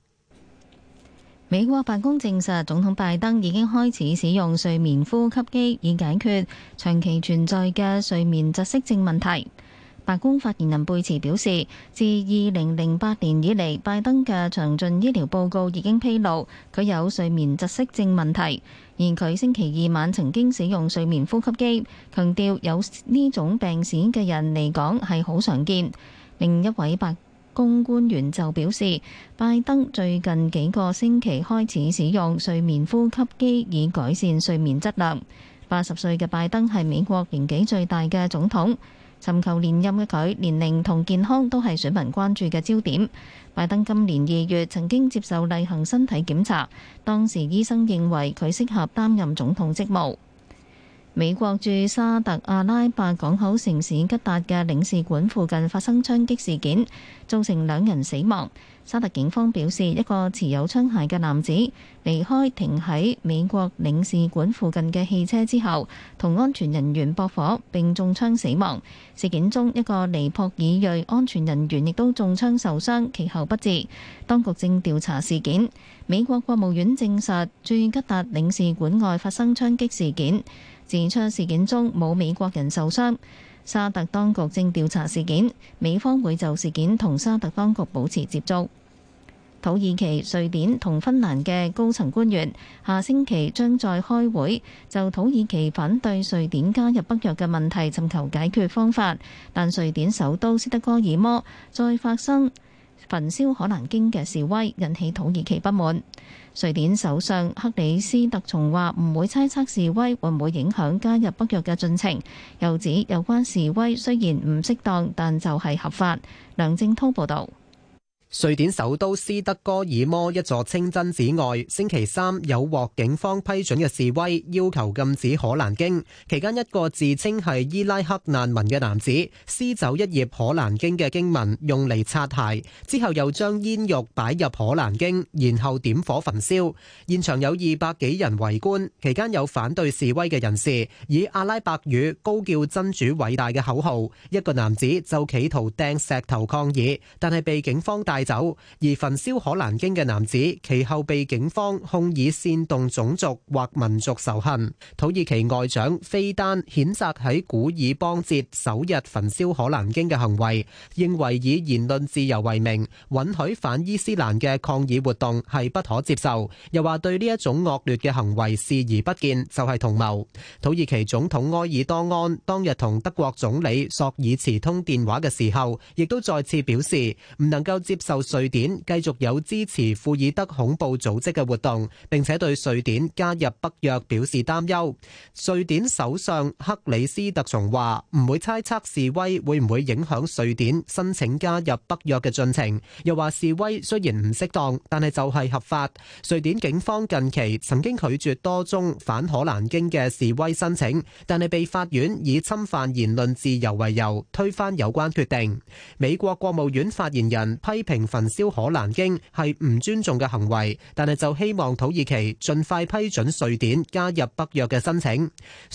S10: 美國白宮證實，總統拜登已經開始使用睡眠呼吸機，以解決長期存在嘅睡眠窒息症問題。白宮發言人貝茨表示，自二零零八年以嚟，拜登嘅詳盡醫療報告已經披露佢有睡眠窒息症問題，而佢星期二晚曾經使用睡眠呼吸機，強調有呢種病史嘅人嚟講係好常見。另一位白公關員就表示，拜登最近幾個星期開始使用睡眠呼吸機，以改善睡眠質量。八十歲嘅拜登係美國年紀最大嘅總統，尋求連任嘅佢，年齡同健康都係選民關注嘅焦點。拜登今年二月曾經接受例行身體檢查，當時醫生認為佢適合擔任總統職務。美國駐沙特阿拉伯港口城市吉達嘅領事館附近發生槍擊事件，造成兩人死亡。沙特警方表示，一個持有槍械嘅男子離開停喺美國領事館附近嘅汽車之後，同安全人員駁火並中槍死亡。事件中，一個尼泊爾裔安全人員亦都中槍受傷，其後不治。當局正調查事件。美國國務院證實駐吉達領事館外發生槍擊事件。是次事件中冇美國人受傷，沙特當局正調查事件，美方會就事件同沙特當局保持接觸。土耳其、瑞典同芬蘭嘅高層官員下星期將再開會，就土耳其反對瑞典加入北約嘅問題尋求解決方法，但瑞典首都斯德哥爾摩再發生。焚燒可蘭經嘅示威引起土耳其不滿。瑞典首相克里斯特松話：唔會猜測示威會唔會影響加入北約嘅進程，又指有關示威雖然唔適當，但就係合法。梁正滔報導。
S2: 瑞典首都斯德哥爾摩一座清真寺外，星期三有獲警方批准嘅示威，要求禁止可蘭經。期間，一個自稱係伊拉克難民嘅男子撕走一頁可蘭經嘅經文，用嚟擦鞋，之後又將煙肉擺入可蘭經，然後點火焚燒。現場有二百幾人圍觀，期間有反對示威嘅人士以阿拉伯語高叫真主偉大嘅口號。一個男子就企圖掟石頭抗議，但係被警方帶走而焚燒可蘭經嘅男子，其後被警方控以煽動種族或民族仇恨。土耳其外長菲丹譴責喺古爾邦節首日焚燒可蘭經嘅行為，認為以言論自由為名，允許反伊斯蘭嘅抗議活動係不可接受。又話對呢一種惡劣嘅行為視而不見，就係同謀。土耳其總統埃爾多安當日同德國總理朔爾茨通電話嘅時候，亦都再次表示唔能夠接受。瑞典繼續有支持庫爾德恐怖組織嘅活動，並且對瑞典加入北約表示擔憂。瑞典首相克里斯特松話：唔會猜測示威會唔會影響瑞典申請加入北約嘅進程。又話示威雖然唔適當，但係就係合法。瑞典警方近期曾經拒絕多宗反可蘭經嘅示威申請，但係被法院以侵犯言論自由為由推翻有關決定。美國國務院發言人批評。焚焚燒可蘭經係唔尊重嘅行為，但係就希望土耳其盡快批准瑞典加入北約嘅申請。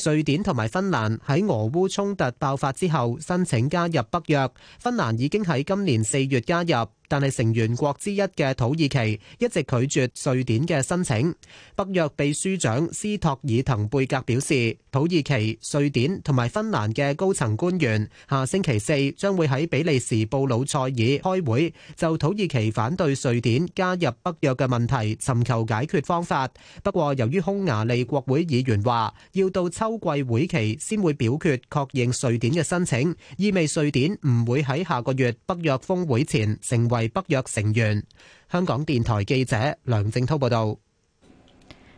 S2: 瑞典同埋芬蘭喺俄烏衝突爆發之後申請加入北約，芬蘭已經喺今年四月加入。但係成員國之一嘅土耳其一直拒絕瑞典嘅申請。北約秘書長斯托爾滕貝格表示，土耳其、瑞典同埋芬蘭嘅高層官員下星期四將會喺比利時布魯塞爾開會，就土耳其反對瑞典加入北約嘅問題尋求解決方法。不過，由於匈牙利國會議員話要到秋季會期先會表決確認瑞典嘅申請，意味瑞典唔會喺下個月北約峰會前成為係北約成員，香港電台記者梁正濤報道。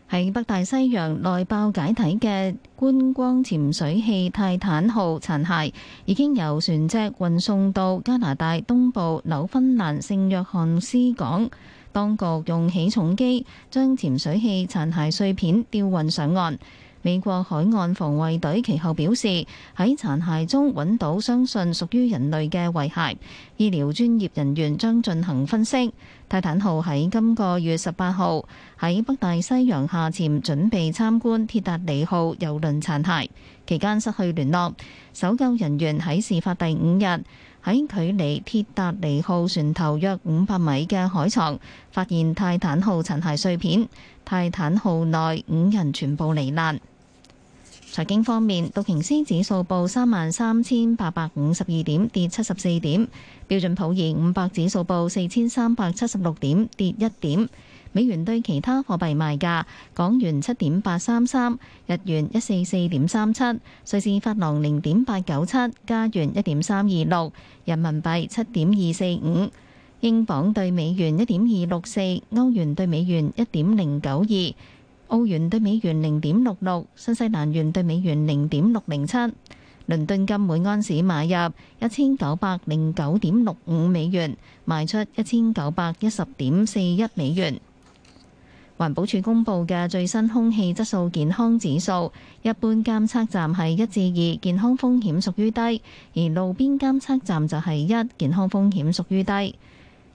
S10: 喺北大西洋內爆解體嘅觀光潛水器泰坦號殘骸，已經由船隻運送到加拿大東部紐芬蘭聖約翰斯港，當局用起重機將潛水器殘骸碎片吊運上岸。美國海岸防衛隊其後表示，喺殘骸中揾到相信屬於人類嘅遺骸，醫療專業人員將進行分析。泰坦號喺今個月十八號喺北大西洋下潛，準備參觀鐵達尼號郵輪殘骸期間失去聯絡。搜救人員喺事發第五日喺距離鐵達尼號船頭約五百米嘅海床發現泰坦號殘骸碎片。泰坦號內五人全部罹難。財經方面，道瓊斯指數報三萬三千八百五十二點，跌七十四點；標準普爾五百指數報四千三百七十六點，跌一點。美元對其他貨幣賣價，港元七點八三三，日元一四四點三七，瑞士法郎零點八九七，加元一點三二六，人民幣七點二四五，英鎊對美元一點二六四，歐元對美元一點零九二。澳元兌美元零點六六，新西蘭元兌美元零點六零七，倫敦金每安士買入一千九百零九點六五美元，賣出一千九百一十點四一美元。環保署公佈嘅最新空氣質素健康指數，一般監測站係一至二，健康風險屬於低；而路邊監測站就係一，健康風險屬於低。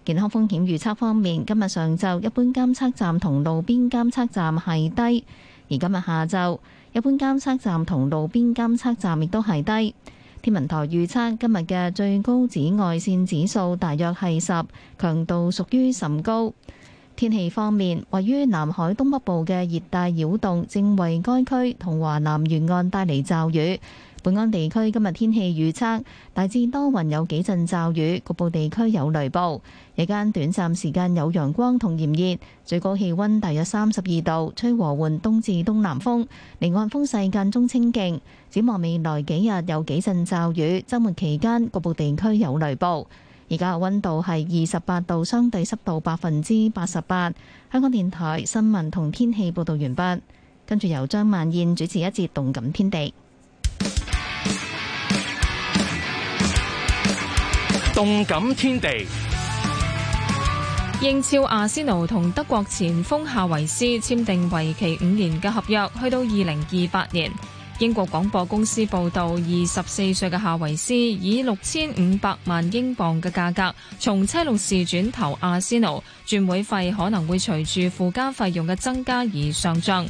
S10: 健康風險預測方面，今日上晝一般監測站同路邊監測站係低，而今日下晝一般監測站同路邊監測站亦都係低。天文台預測今日嘅最高紫外線指數大約係十，強度屬於甚高。天氣方面，位於南海東北部嘅熱帶擾動正為該區同華南沿岸帶嚟驟雨。本港地區今日天氣預測大致多雲有幾陣驟雨，局部地區有雷暴。日間短暫時間有陽光同炎熱，最高氣溫大約三十二度，吹和緩東至東南風，離岸風勢間中清勁。展望未來幾日有幾陣驟雨，周末期間局部地區有雷暴。而家嘅溫度係二十八度，相對濕度百分之八十八。香港電台新聞同天氣報道完畢，跟住由張曼燕主持一節動感天地。動感天地。英超阿仙奴
S7: 同德國前鋒夏維斯簽訂為期五年嘅合約，去到二零二八年。英國廣播公司報道，二十四歲嘅夏維斯以六千五百萬英鎊嘅價格從車路士轉投阿仙奴，轉會費可能會隨住附加費用嘅增加而上漲。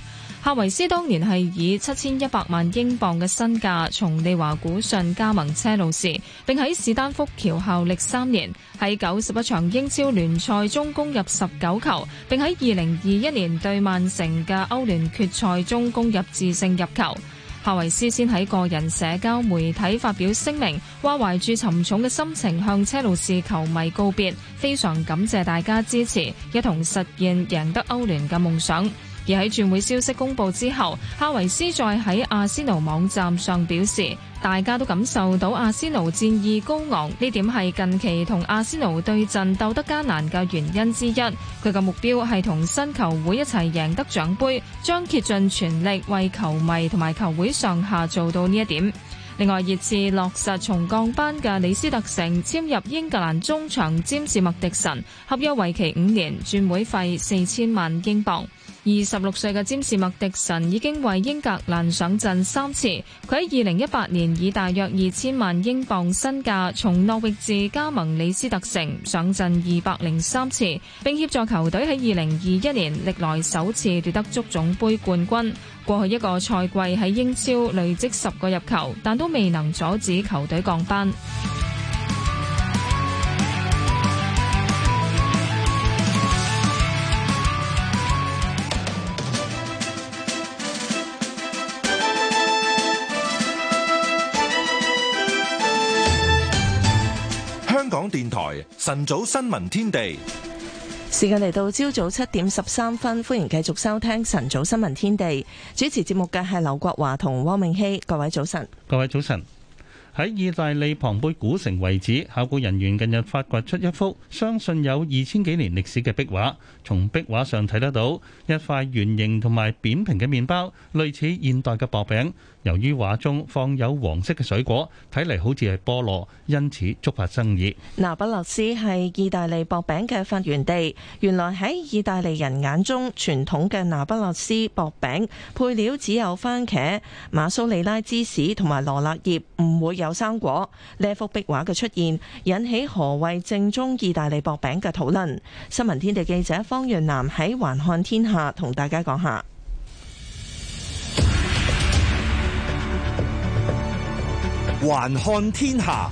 S7: 夏維斯當年係以七千一百萬英鎊嘅身價從利華古遜加盟車路士，並喺史丹福橋效力三年，喺九十一場英超聯賽中攻入十九球，並喺二零二一年對曼城嘅歐聯決賽中攻入致勝入球。夏維斯先喺個人社交媒體發表聲明，話懷住沉重嘅心情向車路士球迷告別，非常感謝大家支持，一同實現贏得歐聯嘅夢想。而喺轉會消息公布之後，哈維斯再喺阿仙奴網站上表示，大家都感受到阿仙奴戰意高昂，呢點係近期同阿仙奴對陣鬥得艱難嘅原因之一。佢嘅目標係同新球會一齊贏得獎杯，將竭盡全力為球迷同埋球會上下做到呢一點。另外，熱刺落實從降班嘅李斯特城簽入英格蘭中場詹士麥迪神，合約為期五年，轉會費四千萬英鎊。二十六歲嘅詹士麥迪臣已經為英格蘭上陣三次。佢喺二零一八年以大約二千萬英鎊身價從諾域治加盟李斯特城，上陣二百零三次，並協助球隊喺二零二一年歷來首次奪得足總杯冠軍。過去一個賽季喺英超累積十個入球，但都未能阻止球隊降班。
S1: 電台晨早新聞天地，
S3: 時間嚟到朝早七點十三分，歡迎繼續收聽晨早新聞天地。主持節目嘅係劉國華同汪明熙，各位早晨，
S4: 各位早晨。喺意大利龐貝古城遺址，考古人員近日發掘出一幅相信有二千幾年歷史嘅壁畫。從壁畫上睇得到一塊圓形同埋扁平嘅麵包，類似現代嘅薄餅。由於畫中放有黃色嘅水果，睇嚟好似係菠蘿，因此觸發爭議。
S3: 那不勒斯係意大利薄餅嘅發源地，原來喺意大利人眼中，傳統嘅那不勒斯薄餅配料只有番茄、馬蘇里拉芝士同埋羅勒葉，唔會有生果。呢幅壁畫嘅出現，引起何為正宗意大利薄餅嘅討論。新聞天地記者方潤南喺環看天下同大家講下。
S1: 環看天下，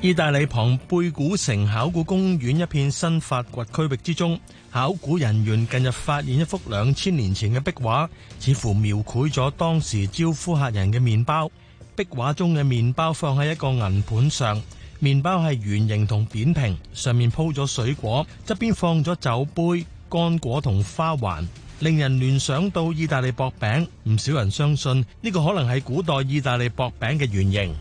S1: 意大利
S9: 龐貝古城考古公園一片新發掘區域之中，考古人員近日發現一幅兩千年前嘅壁畫，似乎描繪咗當時招呼客人嘅麵包。壁畫中嘅麵包放喺一個銀盤上，麵包係圓形同扁平，上面鋪咗水果，側邊放咗酒杯、乾果同花環。令人聯想到意大利薄餅，唔少人相信呢個可能係古代意大利薄餅嘅原型。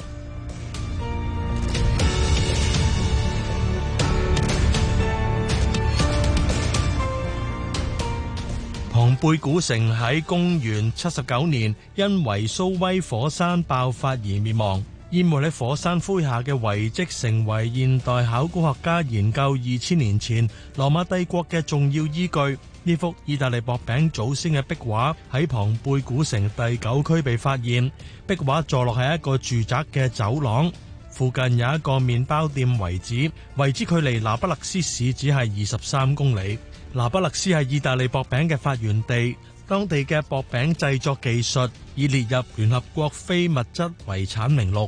S9: 龐貝古城喺公元七十九年，因維蘇威火山爆發而滅亡。淹沒喺火山灰下嘅遺跡，成為現代考古學家研究二千年前羅馬帝國嘅重要依據。呢幅意大利薄餅祖先嘅壁畫喺龐貝古城第九區被發現，壁畫坐落喺一個住宅嘅走廊，附近有一個麵包店遺址，遺址距離那不勒斯市只係二十三公里。那不勒斯係意大利薄餅嘅發源地，當地嘅薄餅製作技術已列入聯合國非物質遺產名錄。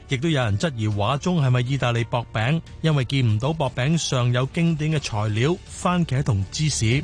S9: 亦都有人質疑畫中係咪意大利薄餅，因為見唔到薄餅上有經典嘅材料，番茄同芝士。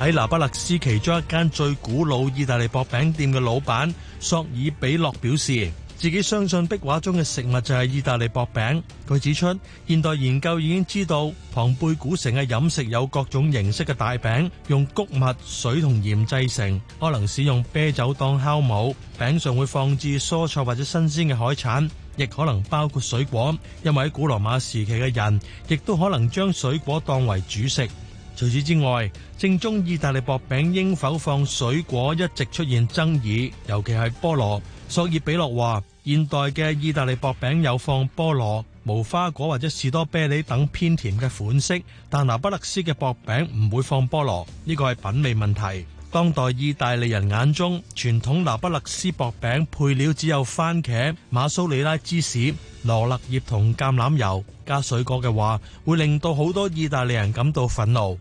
S9: 喺拿 巴勒斯其中一間最古老意大利薄餅店嘅老闆索爾比洛表示。自己相信壁畫中嘅食物就係意大利薄餅。佢指出，現代研究已經知道龐貝古城嘅飲食有各種形式嘅大餅，用穀物、水同鹽製成，可能使用啤酒當酵母。餅上會放置蔬菜或者新鮮嘅海產，亦可能包括水果。因為喺古羅馬時期嘅人，亦都可能將水果當為主食。除此之外，正宗意大利薄餅應否放水果一直出現爭議，尤其係菠蘿。索爾比洛話。現代嘅意大利薄餅有放菠蘿、無花果或者士多啤梨等偏甜嘅款式，但拿不勒斯嘅薄餅唔會放菠蘿，呢個係品味問題。當代意大利人眼中，傳統拿不勒斯薄餅配料只有蕃茄、馬蘇里拉芝士、羅勒葉同橄欖油，加水果嘅話，會令到好多意大利人感到憤怒。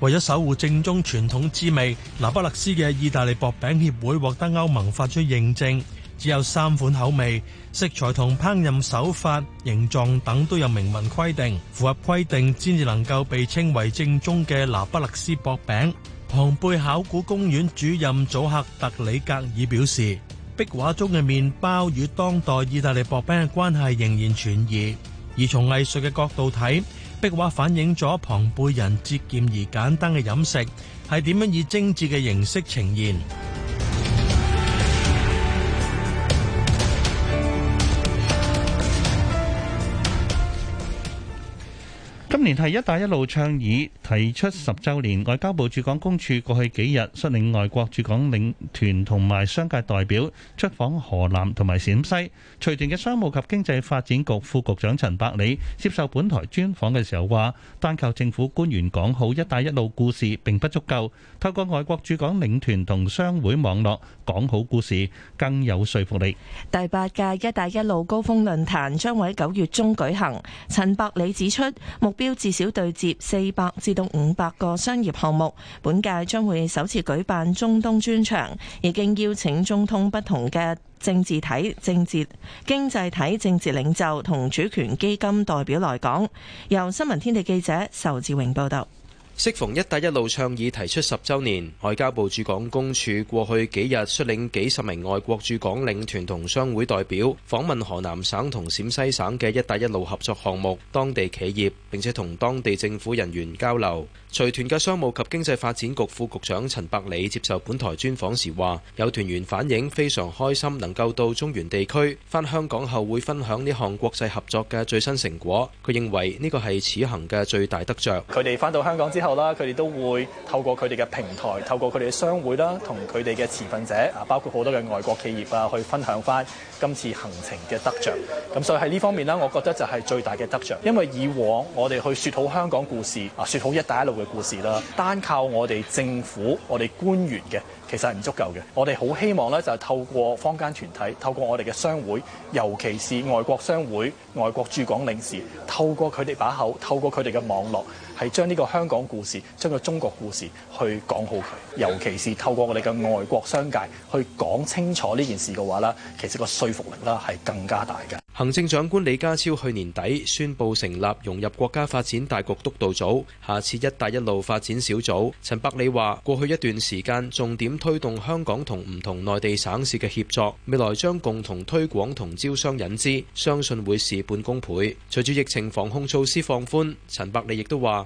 S9: 為咗守護正宗傳統滋味，拿不勒斯嘅意大利薄餅協會獲得歐盟發出認證，只有三款口味、食材同烹飪手法、形狀等都有明文規定，符合規定先至能夠被稱為正宗嘅拿不勒斯薄餅。龐貝考古公園主任組客特里格爾表示，壁畫中嘅麵包與當代意大利薄餅嘅關係仍然存疑，而從藝術嘅角度睇。壁畫反映咗龐貝人節儉而簡單嘅飲食，係點樣以精致嘅形式呈現。
S4: 今年係「一帶一路」倡議提出十週年，外交部駐港公署過去幾日率領外國駐港領團同埋商界代表出訪河南同埋陝西。隨團嘅商務及經濟發展局副局長陳百里接受本台專訪嘅時候話，單靠政府官員講好「一帶一路」故事並不足夠，透過外國駐港領團同商會網絡，講好故事更有說服力。
S3: 第八屆一帶一路高峰論壇將會喺九月中舉行。陳百里指出，目標至少對接四百至到五百個商業項目。本屆將會首次舉辦中東專場，已經邀請中東不同嘅政治體、政治、經濟體、政治領袖同主權基金代表來港。由新聞天地記者仇志榮報道。
S12: 適逢一帶一路倡議提出十周年，外交部駐港公署過去幾日率領幾十名外國駐港領團同商會代表，訪問河南省同陝西省嘅一帶一路合作項目、當地企業，並且同當地政府人員交流。隨團嘅商務及經濟發展局副局長陳百里接受本台專訪時話，有團員反映非常開心能夠到中原地區，返香港後會分享呢項國際合作嘅最新成果，佢認為呢個係此行嘅最大得
S11: 着。啦，佢哋都會透過佢哋嘅平台，透過佢哋嘅商會啦，同佢哋嘅持份者啊，包括好多嘅外國企業啊，去分享翻今次行程嘅得着。咁所以喺呢方面呢，我覺得就係最大嘅得着，因為以往我哋去説好香港故事啊，説好一帶一路嘅故事啦，單靠我哋政府、我哋官員嘅，其實係唔足夠嘅。我哋好希望呢，就係透過坊間團體，透過我哋嘅商會，尤其是外國商會、外國駐港領事，透過佢哋把口，透過佢哋嘅網絡，係將呢個香港故事、將個中國故事去講好佢，尤其是透過我哋嘅外國商界去講清楚呢件事嘅話呢，其實個說服力呢，係更加大嘅。
S12: 行政長官李家超去年底宣布成立融入國家發展大局督導組，下次一帶一路發展小組。陳百里話：過去一段時間重點推動香港同唔同內地省市嘅協作，未來將共同推廣同招商引資，相信會事半功倍。隨住疫情防控措施放寬，陳百里亦都話。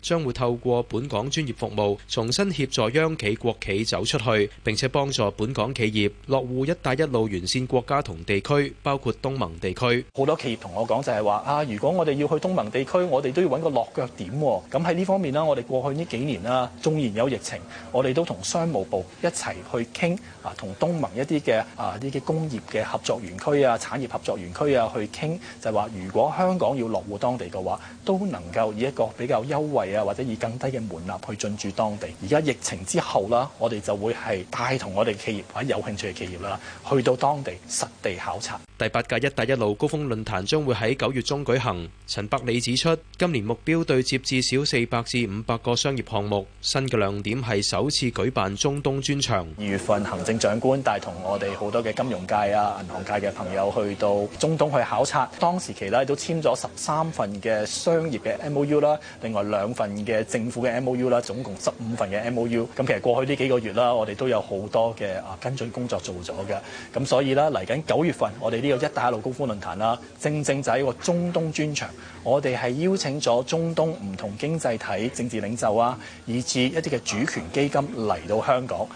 S12: 將會透過本港專業服務，重新協助央企、國企走出去，並且幫助本港企業落戶「一帶一路」，完善國家同地區，包括東盟地區。好多企業同我講就係話：
S11: 啊，如果我哋要去東盟地區，我哋都要揾個落腳點喎。咁喺呢方面啦，我哋過去呢幾年啦，縱然有疫情，我哋都同商務部一齊去傾啊，同東盟一啲嘅啊呢啲工業嘅合作園區啊、產業合作園區啊去傾，就係話如果香港要落戶當地嘅話，都能夠以一個比較優惠。或者以更低嘅門檻去進駐當地。而家疫情之後啦，我哋就會係帶同我哋企業或者有興趣嘅企業啦，去到當地實地考察。
S12: 第八屆一帶一路高峰論壇將會喺九月中舉行。陳百里指出，今年目標對接至少四百至五百個商業項目。新嘅亮點係首次舉辦中東專場。
S11: 二月份行政長官帶同我哋好多嘅金融界啊、銀行界嘅朋友去到中東去考察。當時期咧都簽咗十三份嘅商業嘅 MOU 啦，另外兩份嘅政府嘅 MOU 啦，總共十五份嘅 MOU。咁其實過去呢幾個月啦，我哋都有好多嘅啊跟進工作做咗嘅。咁所以啦，嚟緊九月份，我哋呢個一帶一路高峯論壇啦，正正就係一個中東專場。我哋係邀請咗中東唔同經濟體政治領袖啊，以至一啲嘅主權基金嚟到香港。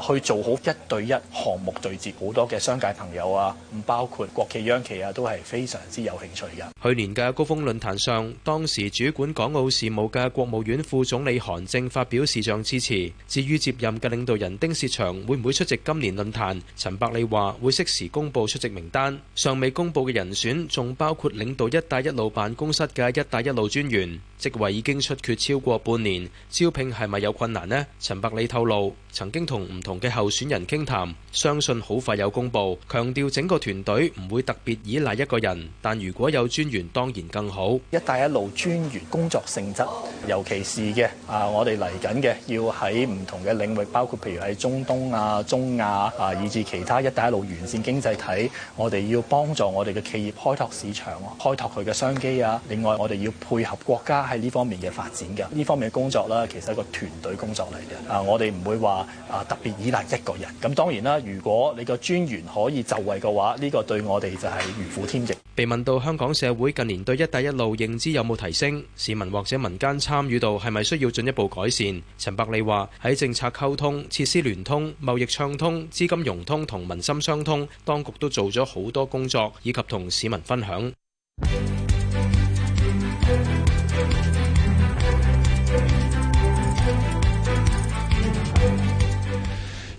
S11: 去做好一對一項目對接，好多嘅商界朋友啊，唔包括國企、央企啊，都係非常之有興趣嘅。
S12: 去年嘅高峰論壇上，當時主管港澳事務嘅國務院副總理韓正發表視像致辭。至於接任嘅領導人丁薛祥會唔會出席今年論壇？陳百里話會適時公布出席名單。尚未公布嘅人選仲包括領導“一帶一路”辦公室嘅“一帶一路”專員，職位已經出缺超過半年，招聘係咪有困難呢？陳百里透露，曾經同唔同嘅候選人傾談，相信好快有公布。強調整個團隊唔會特別依賴一個人，但如果有專員當然更好。一帶一路專員工作性質，尤其是嘅啊，我哋嚟
S11: 緊嘅要喺唔同嘅領域，包括譬如喺中東啊、中亞啊，以至其他一帶一路沿線經濟體，我哋要幫助我哋嘅企業開拓市場，開拓佢嘅商機啊。另外，我哋要配合國家喺呢方面嘅發展嘅呢方面嘅工作啦，其實係一個團隊工作嚟嘅啊，我哋唔會話啊特。別依賴一個人，咁當然啦。如果你個專員可以就位嘅話，呢個對我哋就係如虎添翼。
S12: 被問到香港社會近年對一帶一路認知有冇提升，市民或者民間參與度係咪需要進一步改善，陳百利話：喺政策溝通、設施聯通、貿易暢通、資金融通同民心相通，當局都做咗好多工作，以及同市民分享。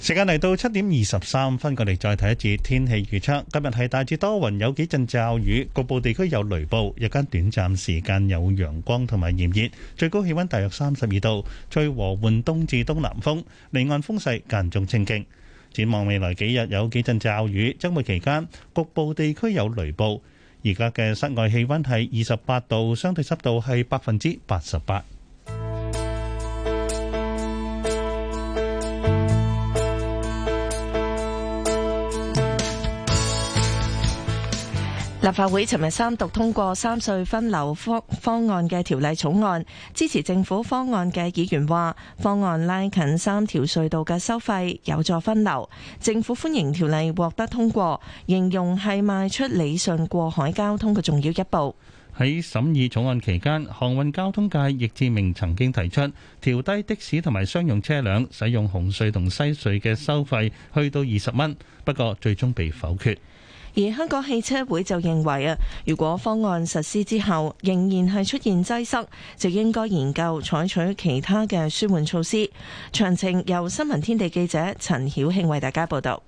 S4: 時間嚟到七點二十三分，過嚟再睇一次天氣預測。今日係大致多雲，有幾陣驟雨，局部地區有雷暴，日間短暫時間有陽光同埋炎熱，最高氣溫大約三十二度，吹和緩東至東南風，離岸風勢間中清勁。展望未來幾日有幾陣驟雨，周末期間局部地區有雷暴。而家嘅室外氣溫係二十八度，相對濕度係百分之八十八。
S3: 立法會昨日三讀通過三隧分流方方案嘅條例草案，支持政府方案嘅議員話，方案拉近三條隧道嘅收費有助分流，政府歡迎條例獲得通過，形容係邁出理順過海交通嘅重要一步。
S4: 喺審議草案期間，航運交通界易志明曾經提出調低的士同埋商用車輛使用紅隧同西隧嘅收費去到二十蚊，不過最終被否決。
S3: 而香港汽車會就認為啊，如果方案實施之後仍然係出現擠塞，就應該研究採取其他嘅舒緩措施。詳情由新聞天地記者陳曉慶為大家報道。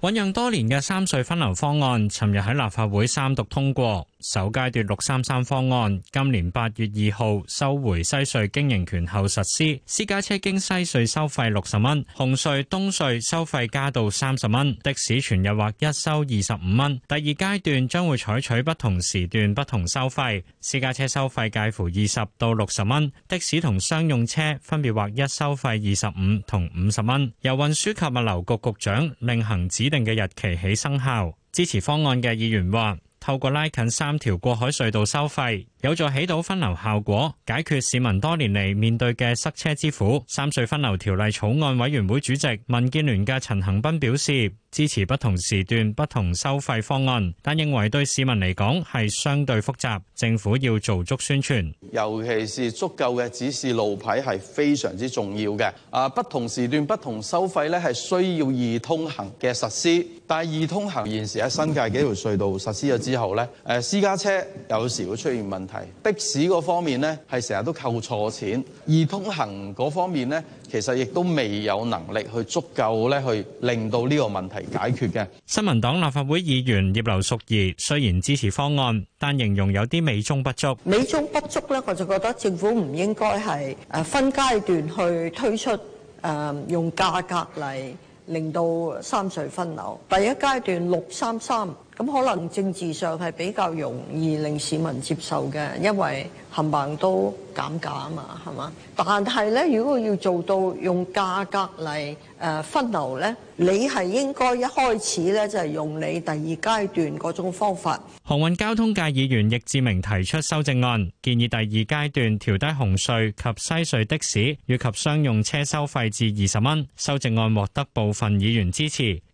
S3: 醞釀
S14: 多年嘅三隧分流方案，尋日喺立法會三讀通過。首階段六三三方案今年八月二號收回西隧經營權後實施，私家車經西隧收費六十蚊，紅隧、東隧收費加到三十蚊，的士全日劃一收二十五蚊。第二階段將會採取不同時段不同收費，私家車收費介乎二十到六十蚊，的士同商用車分別劃一收費二十五同五十蚊。由運輸及物流局局，局長另行指定嘅日期起生效。支持方案嘅議員話。透過拉近三條過海隧道收費，有助起到分流效果，解決市民多年嚟面對嘅塞車之苦。三隧分流條例草案委員會主席民建聯嘅陳恒斌表示。支持不同時段不同收費方案，但認為對市民嚟講係相對複雜，政府要做足宣傳，
S12: 尤其是足夠嘅指示路牌係非常之重要嘅。啊，不同時段不同收費咧係需要易通行嘅實施，但係易通行現時喺新界幾條隧道實施咗之後咧，誒私家車有時會出現問題，的士嗰方面咧係成日都扣錯錢，易通行嗰方面咧。其實亦都未有能力去足夠咧，去令到呢個問題解決嘅。
S14: 新民黨立法會議員葉劉淑儀雖然支持方案，但形容有啲美中不足。美
S15: 中不足咧，我就覺得政府唔應該係誒分階段去推出誒用價格嚟令到三隧分流。第一階段六三三。咁可能政治上係比較容易令市民接受嘅。因為冚唪唥都減價啊嘛，係嘛？但係咧，如果要做到用價格嚟誒分流咧，你係應該一開始咧就係用你第二階段嗰種方法。
S14: 航運交通界議員易志明提出修正案，建議第二階段調低紅隧及西隧的士以及商用車收費至二十蚊。修正案獲得部分議員支持。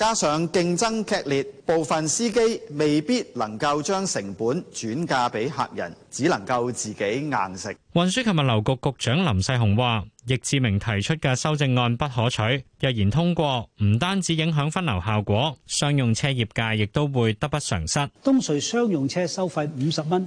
S9: 加上競爭劇烈，部分司機未必能夠將成本轉嫁畀客人，只能夠自己硬食。
S14: 運輸及物流局局長林世雄話，易志明提出嘅修正案不可取，若然通過，唔單止影響分流效果，商用車業界亦都會得不償失。
S16: 東隧商用車收費五十蚊，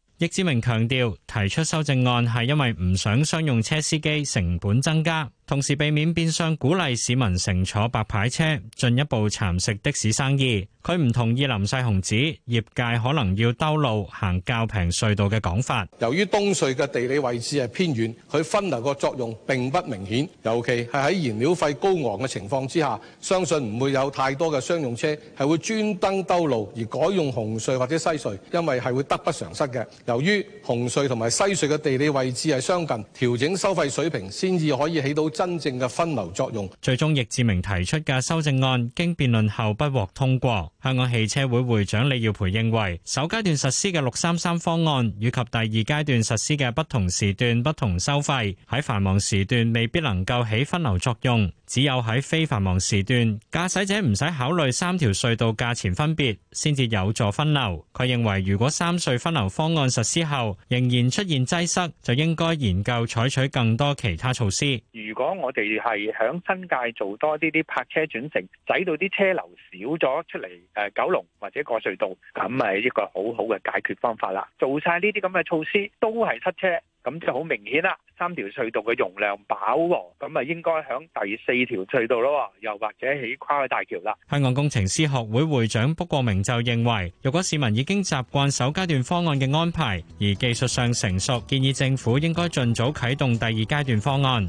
S14: 易志明強調，提出修正案係因為唔想商用車司機成本增加。同時避免變相鼓勵市民乘坐白牌車，進一步蠶食的士生意。佢唔同意林世雄指業界可能要兜路行較平隧道嘅講法。
S9: 由於東隧嘅地理位置係偏遠，佢分流嘅作用並不明顯，尤其係喺燃料費高昂嘅情況之下，相信唔會有太多嘅商用車係會專登兜路而改用紅隧或者西隧，因為係會得不償失嘅。由於紅隧同埋西隧嘅地理位置係相近，調整收費水平先至可以起到真正嘅分流作用，
S14: 最終易志明提出嘅修正案經辯論後不獲通過。香港汽車會會長李耀培認為首階段實施嘅六三三方案以及第二階段實施嘅不同時段不同收費喺繁忙時段未必能夠起分流作用。只有喺非繁忙時段，駕駛者唔使考慮三條隧道價錢分別，先至有助分流。佢認為，如果三隧分流方案實施後仍然出現擠塞，就應該研究採取更多其他措施。
S8: 如果我哋係響新界做多啲啲泊車轉乘，使到啲車流少咗出嚟，誒九龍或者過隧道，咁咪一個好好嘅解決方法啦。做晒呢啲咁嘅措施都係塞車。咁就好明顯啦，三條隧道嘅容量飽喎，咁啊應該喺第四條隧道咯，又或者起跨海
S14: 大橋啦。香港工程師學會會,會長卜國明就認為，如果市民已經習慣首階段方案嘅安排，而技術上成熟，建議政府應該盡早啟動第二階段方案。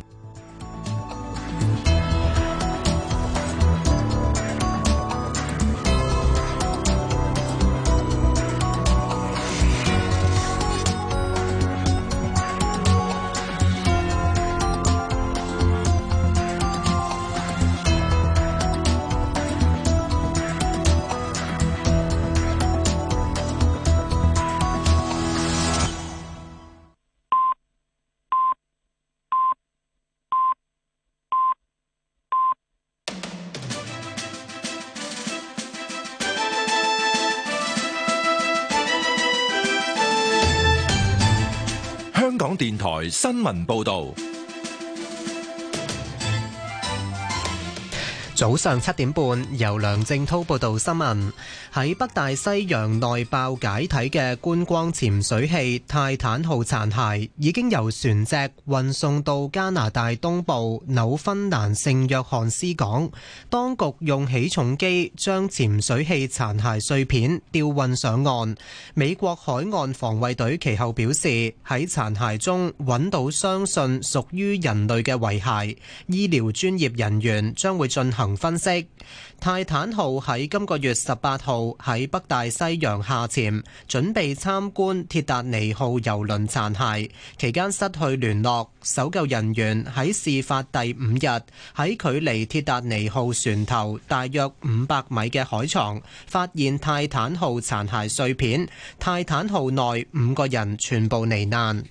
S1: 新聞報導。早上七點
S2: 半，由梁正濤報道新聞。喺北大西洋內爆解體嘅觀光潛水器泰坦號殘骸，已經由船隻運送到加拿大東部紐芬蘭聖約翰斯港。當局用起重機將潛水器殘骸碎片吊運上岸。美國海岸防衛隊其後表示，喺殘骸中揾到相信屬於人類嘅遺骸。醫療專業人員將會進行分析，泰坦號喺今個月十八號喺北大西洋下潛，準備參觀鐵達尼號郵輪殘骸期間失去聯絡。搜救人員喺事發第五日喺距離鐵達尼號船頭大約五百米嘅海床，發現泰坦號殘骸碎片。泰坦號內五個人全部罹難。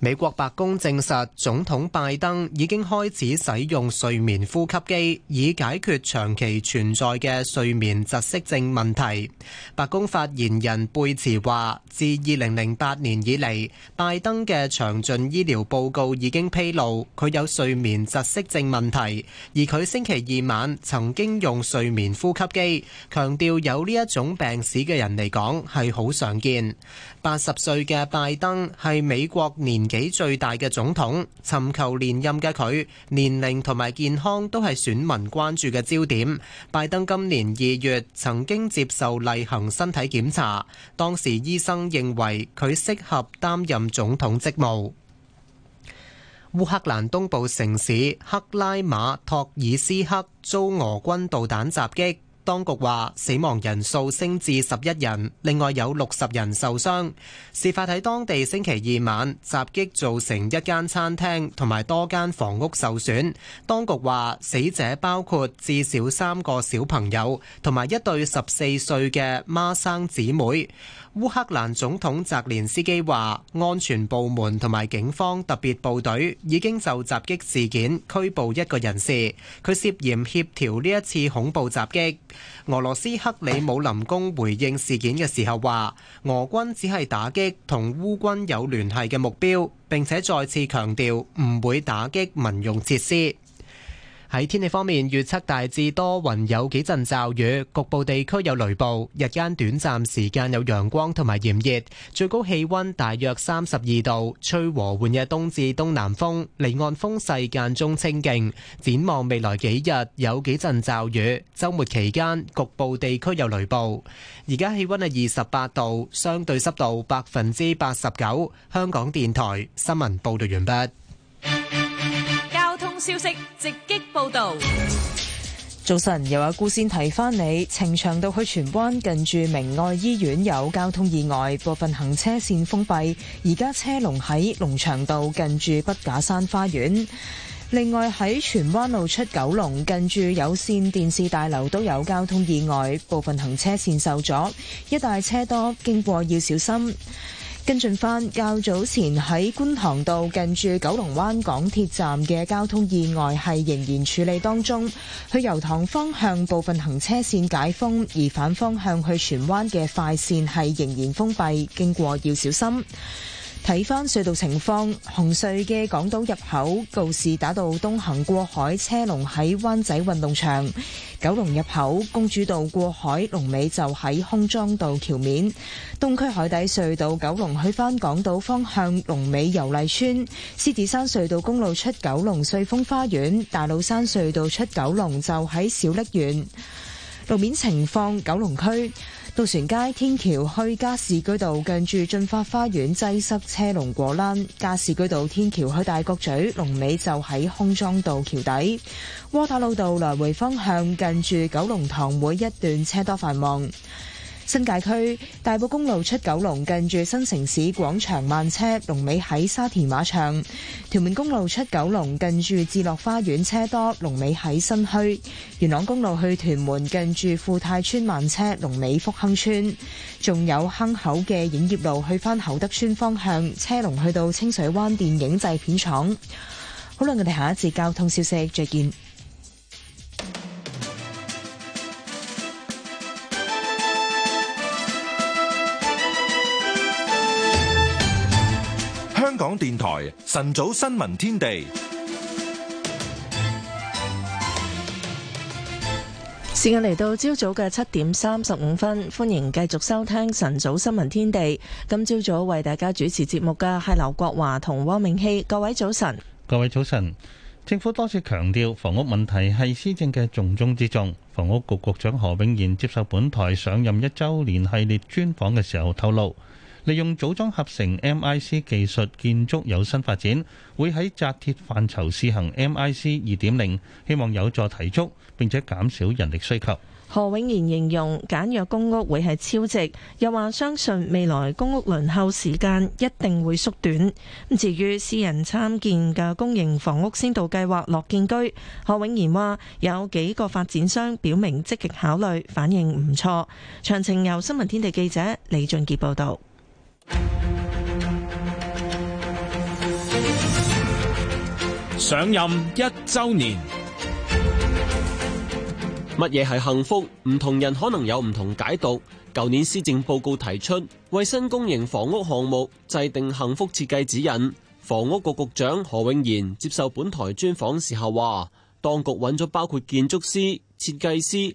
S2: 美國白宮證實，總統拜登已經開始使用睡眠呼吸機，以解決長期存在嘅睡眠窒息症問題。白宮發言人貝茨話，自二零零八年以嚟，拜登嘅詳盡醫療報告已經披露，佢有睡眠窒息症問題。而佢星期二晚曾經用睡眠呼吸機，強調有呢一種病史嘅人嚟講係好常見。八十歲嘅拜登係美國年己最大嘅總統，尋求連任嘅佢年齡同埋健康都係選民關注嘅焦點。拜登今年二月曾經接受例行身體檢查，當時醫生認為佢適合擔任總統職務。烏克蘭東部城市克拉馬托爾斯克遭俄軍導彈襲擊。當局話，死亡人數升至十一人，另外有六十人受傷。事發喺當地星期二晚，襲擊造成一間餐廳同埋多間房屋受損。當局話，死者包括至少三個小朋友同埋一對十四歲嘅孖生姊妹。烏克蘭總統澤連斯基話，安全部門同埋警方特別部隊已經就襲擊事件拘捕一個人士，佢涉嫌協調呢一次恐怖襲擊。俄羅斯克里姆林宮回應事件嘅時候話，俄軍只係打擊同烏軍有聯繫嘅目標，並且再次強調唔會打擊民用設施。喺天氣方面預測大致多雲有幾陣驟雨，局部地區有雷暴，日間短暫時間有陽光同埋炎熱，最高氣温大約三十二度，吹和緩嘅東至東南風，離岸風勢間中清勁。展望未來幾日有幾陣驟雨，周末期間局部地區有雷暴。而家氣温係二十八度，相對濕度百分之八十九。香港電台新聞報道完
S13: 畢。
S7: 消息直擊報道。
S13: 早晨，又有顧線提翻你：呈祥道去荃灣近住明愛醫院有交通意外，部分行車線封閉，而家車龍喺龍翔道近住畢架山花園。另外喺荃灣路出九龍近住有綫電視大樓都有交通意外，部分行車線受阻，一帶車多，經過要小心。跟進返較早前喺觀塘道近住九龍灣港鐵站嘅交通意外係仍然處理當中，去油塘方向部分行車線解封，而反方向去荃灣嘅快線係仍然封閉，經過要小心。睇翻隧道情況，紅隧嘅港島入口告士打道東行過海車龍喺灣仔運動場；九龍入口公主道過海龍尾就喺康莊道橋面；東區海底隧道九龍去翻港島方向龍尾油麗邨；獅子山隧道公路出九龍瑞峰花園；大老山隧道出九龍就喺小瀝源。路面情況，九龍區。渡船街天橋去加士居道，近住駿發花園擠塞車龍過果欄；加士居道天橋去大角咀，龍尾就喺空裝道橋底；窩打老道來回方向近住九龍塘會，每一段車多繁忙。新界區大埔公路出九龍，近住新城市廣場慢車，龍尾喺沙田馬場；屯門公路出九龍，近住置樂花園車多，龍尾喺新墟；元朗公路去屯門，近住富泰村慢車，龍尾福亨村；仲有坑口嘅影業路去返厚德村方向，車龍去到清水灣電影製片廠。好啦，我哋下一節交通消息再見。
S1: 電台晨早新聞天地，
S3: 時間嚟到朝早嘅七點三十五分，歡迎繼續收聽晨早新聞天地。今朝早為大家主持節目嘅係劉國華同汪明熙，各位早晨，
S4: 各位早晨。政府多次強調房屋問題係施政嘅重中之重。房屋局局長何永賢接受本台上任一周年系列專訪嘅時候透露。利用組裝合成 M.I.C. 技術建築有新發展，會喺紮鐵範疇試行 M.I.C. 二點零，希望有助提速並且減少人力需求。
S3: 何永賢形容簡約公屋會係超值，又話相信未來公屋輪候時間一定會縮短。咁至於私人參建嘅公營房屋先導計劃落建居，何永賢話有幾個發展商表明積極考慮，反應唔錯。詳情由新聞天地記者李俊傑報道。
S12: 上任一周年，
S17: 乜嘢係幸福？唔同人可能有唔同解讀。舊年施政報告提出為新公營房屋項目制定幸福設計指引，房屋局局長何永賢接受本台專訪時候話，當局揾咗包括建築師、設計師。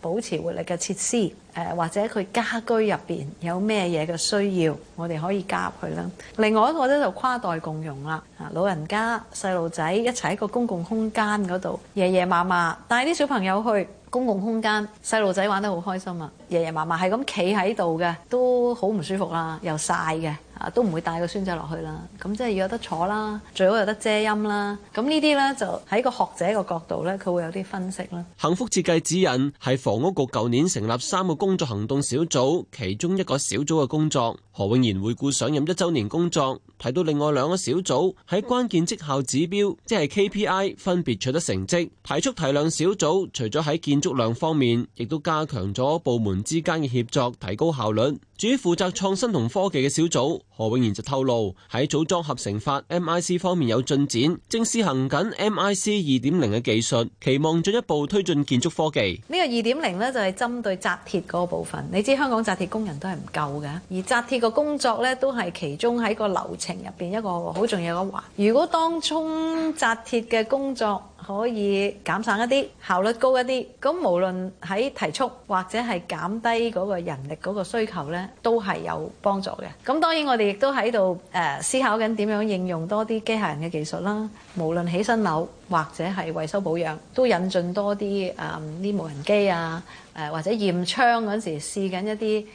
S18: 保持活力嘅設施，誒、呃、或者佢家居入邊有咩嘢嘅需要，我哋可以加入去啦。另外一個咧就跨代共融啦，啊，老人家細路仔，一齊喺個公共空間嗰度，爺爺嫲嫲帶啲小朋友去公共空間，細路仔玩得好開心啊，爺爺嫲嫲係咁企喺度嘅，都好唔舒服啦、啊，又曬嘅。啊，都唔會帶個孫仔落去啦。咁即係要有得坐啦，最好有得遮陰啦。咁呢啲咧就喺個學者嘅角度咧，佢會有啲分析啦。
S17: 幸福設計指引係房屋局舊年成立三個工作行動小組，其中一個小組嘅工作，何永賢回顧上任一週年工作，提到另外兩個小組喺關鍵績效指標，即係 KPI，分別取得成績，提速提量小組除咗喺建築量方面，亦都加強咗部門之間嘅協作，提高效率。主負責創新同科技嘅小組何永賢就透露，喺組裝合成法 MIC 方面有進展，正施行緊 MIC 二點零嘅技術，期望進一步推進建築科技。
S18: 呢個二點零呢就係針對紮鐵嗰部分。你知香港紮鐵工人都係唔夠嘅，而紮鐵嘅工作呢，都係其中喺個流程入邊一個好重要嘅環。如果當中紮鐵嘅工作可以減省一啲，效率高一啲，咁無論喺提速或者係減低嗰個人力嗰個需求呢，都係有幫助嘅。咁當然我哋亦都喺度誒思考緊點樣應用多啲機械人嘅技術啦。無論起新樓或者係維修保養，都引進多啲啊呢無人機啊。誒或者驗槍嗰陣時試緊一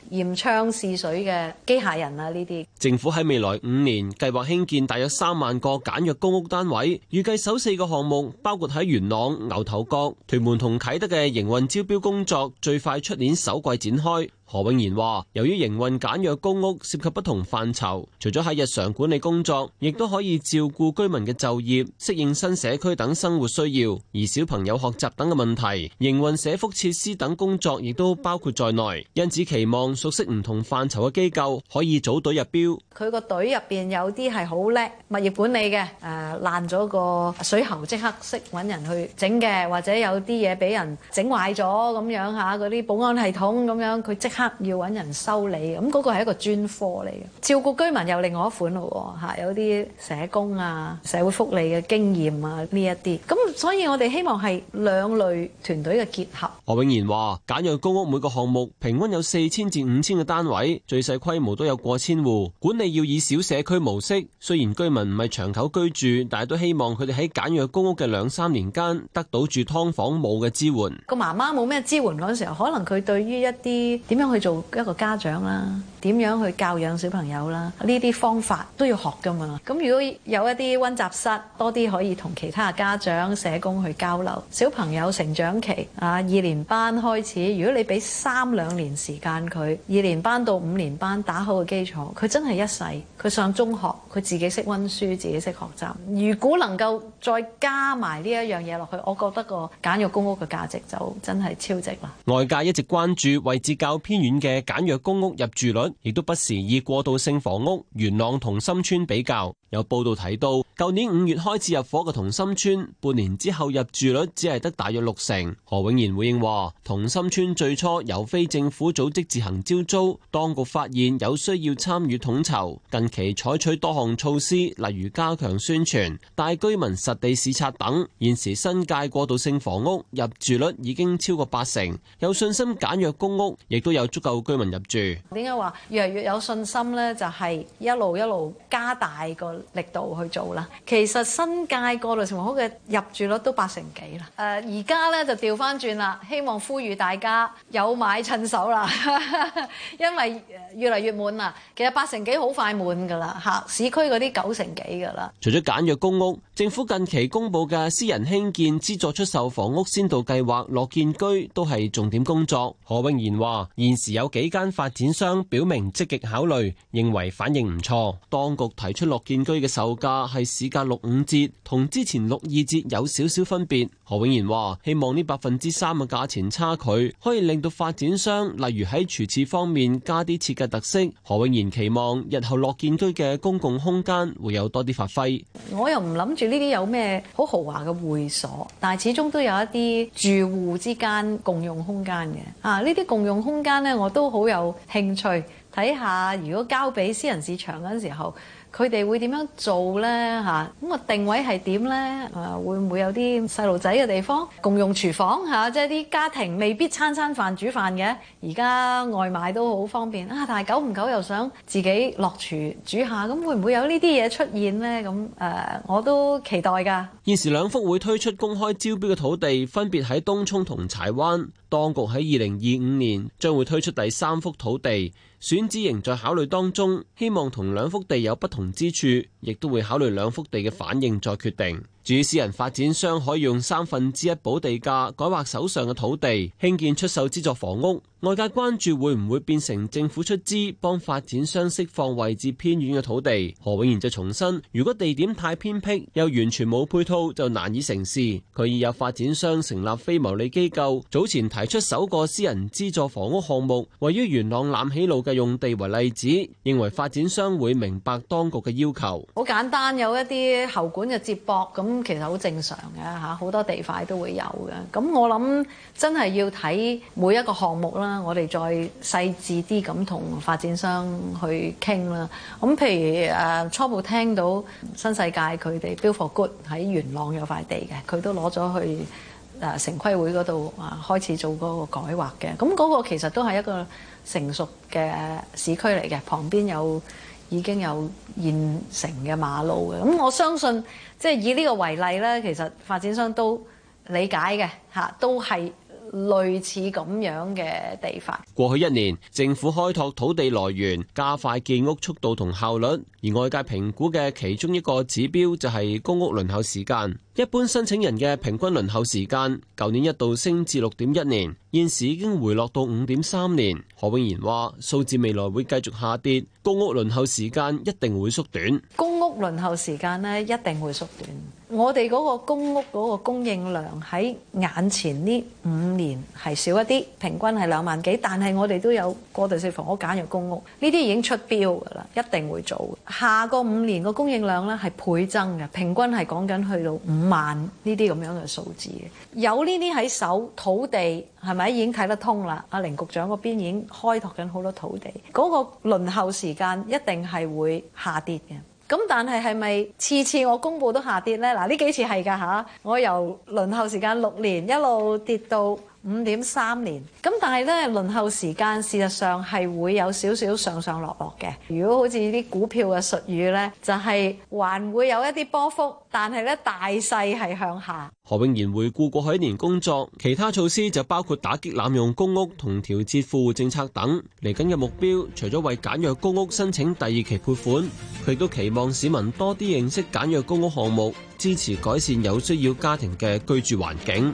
S18: 啲驗槍試水嘅機械人啊，呢啲，
S17: 政府喺未來五年計劃興建大約三萬個簡約公屋單位，預計首四個項目包括喺元朗、牛頭角、屯門同啟德嘅營運招標工作，最快出年首季展開。何永賢話，由於營運簡約公屋涉及不同範疇，除咗喺日常管理工作，亦都可以照顧居民嘅就業、適應新社區等生活需要，而小朋友學習等嘅問題，營運社福設施等工作亦都包括在內。因此期望熟悉唔同範疇嘅機構可以組隊入標。
S18: 佢個隊入邊有啲係好叻物業管理嘅，誒爛咗個水喉即刻識搵人去整嘅，或者有啲嘢俾人整壞咗咁樣吓，嗰啲保安系統咁樣佢即。要揾人修理咁嗰、嗯這個係一個專科嚟嘅，照顧居民又另外一款咯吓、啊，有啲社工啊、社會福利嘅經驗啊呢一啲，咁、嗯、所以我哋希望係兩類團隊嘅結合。
S17: 何永賢話簡約公屋每個項目平均有四千至五千個單位，最細規模都有過千戶，管理要以小社區模式。雖然居民唔係長久居住，但係都希望佢哋喺簡約公屋嘅兩三年間得到住劏房冇嘅支援。
S18: 個媽媽冇咩支援嗰陣時候，可能佢對於一啲點樣。去做一個家長啦，點樣去教養小朋友啦？呢啲方法都要學㗎嘛。咁如果有一啲溫習室，多啲可以同其他家長、社工去交流。小朋友成長期啊，二年班開始，如果你俾三兩年時間佢，二年班到五年班打好個基礎，佢真係一世，佢上中學，佢自己識溫書，自己識學習。如果能夠再加埋呢一樣嘢落去，我覺得個簡約公屋嘅價值就真係超值啦。
S17: 外界一直關注位置較偏。偏遠嘅簡約公屋入住率，亦都不時以過渡性房屋元朗同心村比較。有報道提到，舊年五月開始入伙嘅同心村，半年之後入住率只係得大約六成。何永賢回應話：同心村最初由非政府組織自行招租，當局發現有需要參與統籌，近期採取多項措施，例如加強宣傳、帶居民實地視察等。現時新界過渡性房屋入住率已經超過八成，有信心簡約公屋亦都有足夠居民入住。
S18: 點解話越嚟越有信心呢？就係、是、一路一路加大個。力度去做啦，其實新界過渡情況嘅入住率都八成幾啦。誒，而家咧就調翻轉啦，希望呼籲大家有買趁手啦，因為越嚟越滿啦。其實八成幾好快滿㗎啦，嚇市區嗰啲九成幾㗎啦。
S17: 除咗簡約公屋，政府近期公布嘅私人興建資助出售房屋先導計劃《樂建居》都係重點工作。何永賢話：現時有幾間發展商表明積極考慮，認為反應唔錯。當局提出《樂建居》。居嘅售價係市價六五折，同之前六二折有少少分別。何永賢話：希望呢百分之三嘅價錢差距可以令到發展商，例如喺廚廁方面加啲設計特色。何永賢期望日後樂建居嘅公共空間會有多啲發揮。
S18: 我又唔諗住呢啲有咩好豪華嘅會所，但係始終都有一啲住戶之間共用空間嘅啊。呢啲共用空間呢，我都好有興趣睇下。看看如果交俾私人市場嗰陣時候。佢哋會點樣做呢？嚇咁啊，定位係點呢？啊，會唔會有啲細路仔嘅地方共用廚房嚇、啊？即係啲家庭未必餐餐飯煮飯嘅，而家外賣都好方便啊！但係久唔久又想自己落廚煮下，咁會唔會有呢啲嘢出現呢？咁誒、啊，我都期待㗎。
S17: 現時兩幅會推出公開招標嘅土地，分別喺東涌同柴灣。當局喺二零二五年將會推出第三幅土地。選址仍在考慮當中，希望同兩幅地有不同之處，亦都會考慮兩幅地嘅反應再決定。至於私人發展商可以用三分之一補地價改劃手上嘅土地興建出售資助房屋，外界關注會唔會變成政府出資幫發展商釋放位置偏遠嘅土地？何永賢就重申，如果地點太偏僻又完全冇配套，就難以成事。佢以有發展商成立非牟利機構，早前提出首個私人資助房屋項目，位於元朗攬起路嘅用地為例子，認為發展商會明白當局嘅要求。
S18: 好簡單，有一啲喉管嘅接駁咁。咁其實好正常㗎吓，好多地塊都會有嘅。咁我諗真係要睇每一個項目啦，我哋再細緻啲咁同發展商去傾啦。咁譬如誒、啊、初步聽到新世界佢哋 Build for Good 喺元朗有塊地嘅，佢都攞咗去誒城規會嗰度開始做嗰個改劃嘅。咁、那、嗰個其實都係一個成熟嘅市區嚟嘅，旁邊有。已經有現成嘅馬路嘅，咁我相信即係、就是、以呢個為例咧，其實發展商都理解嘅，嚇都係。類似咁樣嘅地方。
S17: 過去一年，政府開拓土地來源，加快建屋速度同效率。而外界評估嘅其中一個指標就係公屋輪候時間。一般申請人嘅平均輪候時間，舊年一度升至六點一年，現時已經回落到五點三年。何永賢話：數字未來會繼續下跌，公屋輪候時間一定會縮
S15: 短。公屋
S18: 輪候時間呢，一定會縮短。我哋嗰個公屋嗰個供應量喺眼前呢五年係少一啲，平均係兩萬幾，但係我哋都有過渡性房屋、簡約公屋，呢啲已經出標㗎啦，一定會做。下個五年個供應量呢係倍增嘅，平均係講緊去到五萬呢啲咁樣嘅數字嘅，有呢啲喺手土地係咪已經睇得通啦？阿寧局長嗰邊已經開拓緊好多土地，嗰個輪候時間一定係會下跌嘅。咁但係係咪次次我公布都下跌呢？嗱，呢幾次係㗎嚇，我由輪候時間六年一路跌到五點三年，咁但係咧，輪候時間事實上係會有少少，少上上落落嘅。如果好似啲股票嘅術語呢，就係、是、還會有一啲波幅，但係咧大勢係向下。
S17: 何永賢回顧過去一年工作，其他措施就包括打擊濫用公屋同調節富戶政策等。嚟緊嘅目標，除咗為簡約公屋申請第二期撥款，佢都期望市民多啲認識簡約公屋項目，支持改善有需要家庭嘅居住環境。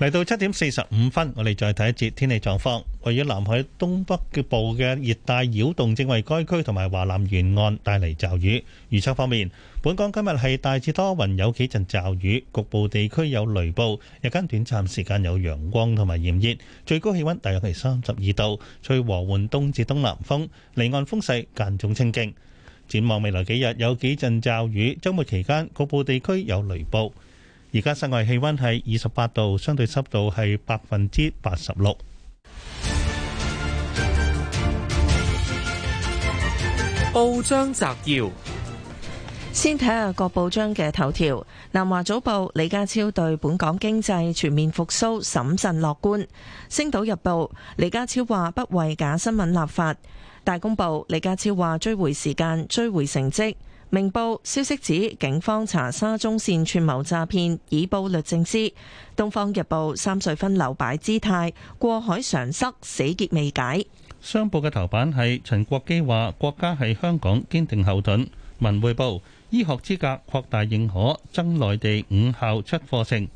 S4: 嚟到七點四十五分，我哋再睇一節天氣狀況。位於南海東北部嘅熱帶擾動正為該區同埋華南沿岸帶嚟驟雨。預測方面，本港今日係大致多雲，有幾陣驟雨，局部地區有雷暴。日間短暫時間有陽光同埋炎熱，最高氣溫大約係三十二度。吹和緩東至東南風，離岸風勢間中清勁。展望未來幾日有幾陣驟雨，週末期間局部地區有雷暴。而家室外氣溫係二十八度，相對濕度係百分之八十六。
S3: 報章摘要：先睇下各報章嘅頭條。南華早報：李家超對本港經濟全面復甦審慎樂觀。星島日報：李家超話不為假新聞立法。大公報：李家超話追回時間、追回成績。明報消息指警方查沙中線串謀詐騙，已報律政司。東方日報，三歲分流擺姿態，過海常塞，死結未解。商
S4: 報嘅頭版係陳國基話國家係香港堅定後盾。文匯報，醫學資格擴大認可，增內地五校出課程。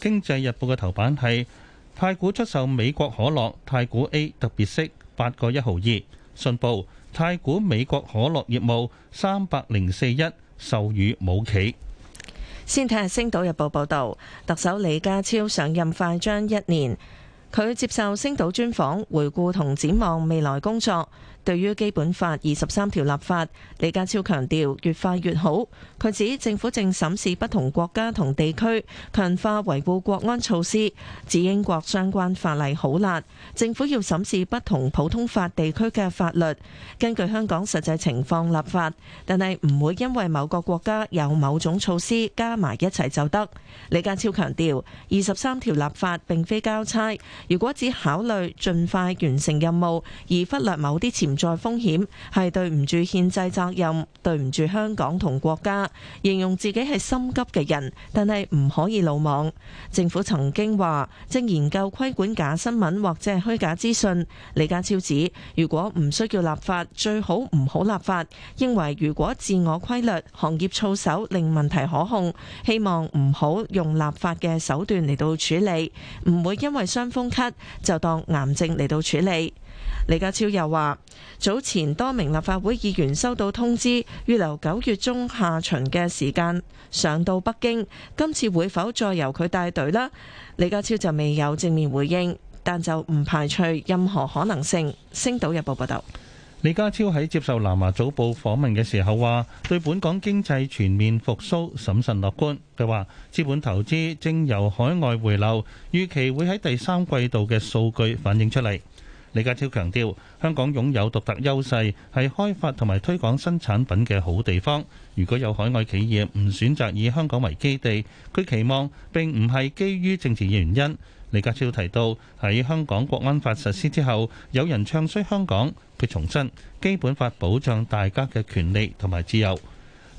S4: 經濟日報嘅頭版係太古出售美國可樂，太古 A 特別息八個一毫二。信報太古美國可樂業務三百零四億授予冇企。
S3: 先睇下《星島日報》報道，特首李家超上任快將一年，佢接受《星島》專訪，回顧同展望未來工作。對於基本法二十三條立法，李家超強調越快越好。佢指政府正審視不同國家同地區強化維護國安措施，指英國相關法例好辣，政府要審視不同普通法地區嘅法律，根據香港實際情況立法，但係唔會因為某個國家有某種措施加埋一齊就得。李家超強調，二十三條立法並非交差，如果只考慮盡快完成任務而忽略某啲前，存在風險，係對唔住憲制責任，對唔住香港同國家，形容自己係心急嘅人，但係唔可以魯莽。政府曾經話正研究規管假新聞或者係虛假資訊。李家超指，如果唔需要立法，最好唔好立法。認為如果自我規律、行業操守令問題可控，希望唔好用立法嘅手段嚟到處理，唔會因為傷風咳就當癌症嚟到處理。李家超又話：早前多名立法會議員收到通知，預留九月中下旬嘅時間上到北京。今次會否再由佢帶隊呢？李家超就未有正面回應，但就唔排除任何可能性。星島日報報道，
S4: 李家超喺接受《南華早報》訪問嘅時候話：對本港經濟全面復甦審慎樂觀。佢話：資本投資正由海外回流，預期會喺第三季度嘅數據反映出嚟。李家超強調，香港擁有獨特優勢，係開發同埋推廣新產品嘅好地方。如果有海外企業唔選擇以香港為基地，佢期望並唔係基於政治原因。李家超提到，喺香港國安法實施之後，有人唱衰香港，佢重申，基本法保障大家嘅權利同埋自由。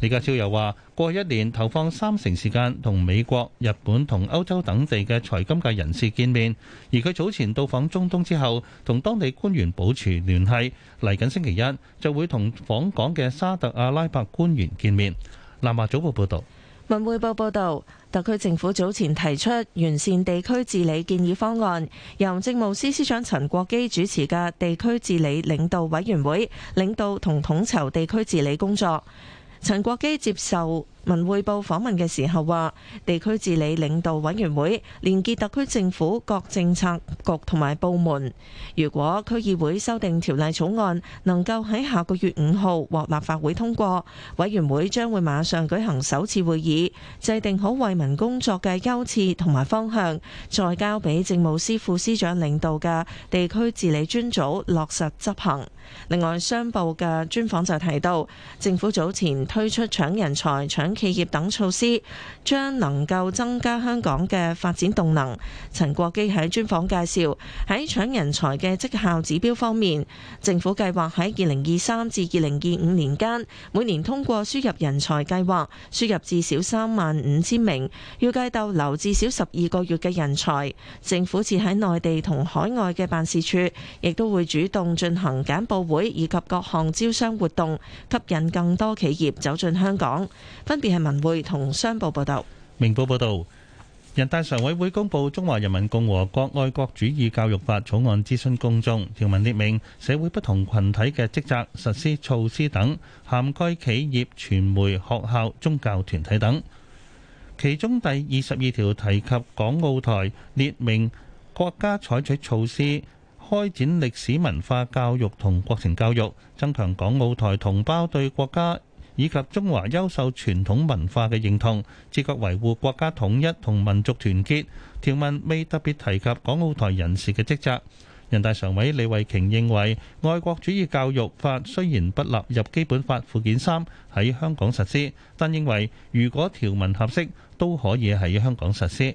S4: 李家超又話：過去一年投放三成時間同美國、日本同歐洲等地嘅財金界人士見面。而佢早前到訪中東之後，同當地官員保持聯繫。嚟緊星期一就會同訪港嘅沙特阿拉伯官員見面。南華早報報道。
S3: 文匯報報道，特區政府早前提出完善地區治理建議方案，由政務司司長陳國基主持嘅地區治理領導委員會，領導同統籌地區治理工作。陳國基接受。文匯報訪問嘅時候話，地區治理領導委員會連結特區政府各政策局同埋部門。如果區議會修訂條例草案能夠喺下個月五號獲立法會通過，委員會將會馬上舉行首次會議，制定好為民工作嘅優次同埋方向，再交俾政務司副司長領導嘅地區治理專組落實執行。另外，商報嘅專訪就提到，政府早前推出搶人才、搶企業等措施將能夠增加香港嘅發展動能。陳國基喺專訪介紹，喺搶人才嘅績效指標方面，政府計劃喺二零二三至二零二五年間，每年通過輸入人才計劃輸入至少三萬五千名，預計逗留至少十二個月嘅人才。政府設喺內地同海外嘅辦事處，亦都會主動進行簡報會以及各項招商活動，吸引更多企業走進香港。分係文匯同商報報道，
S4: 明報報道，人大常委會公布《中華人民共和國愛國主義教育法》草案，諮詢公眾，條文列明社會不同群體嘅職責、實施措施等，涵蓋企業、傳媒、學校、宗教團體等。其中第二十二條提及港澳台，列明國家採取措施，開展歷史文化教育同國情教育，增強港澳台同胞對國家。以及中華優秀傳統文化嘅認同，自覺維護國家統一同民族團結。條文未特別提及港澳台人士嘅職責。人大常委李慧瓊認為，愛國主義教育法雖然不納入基本法附件三喺香港實施，但認為如果條文合適，都可以喺香港實施。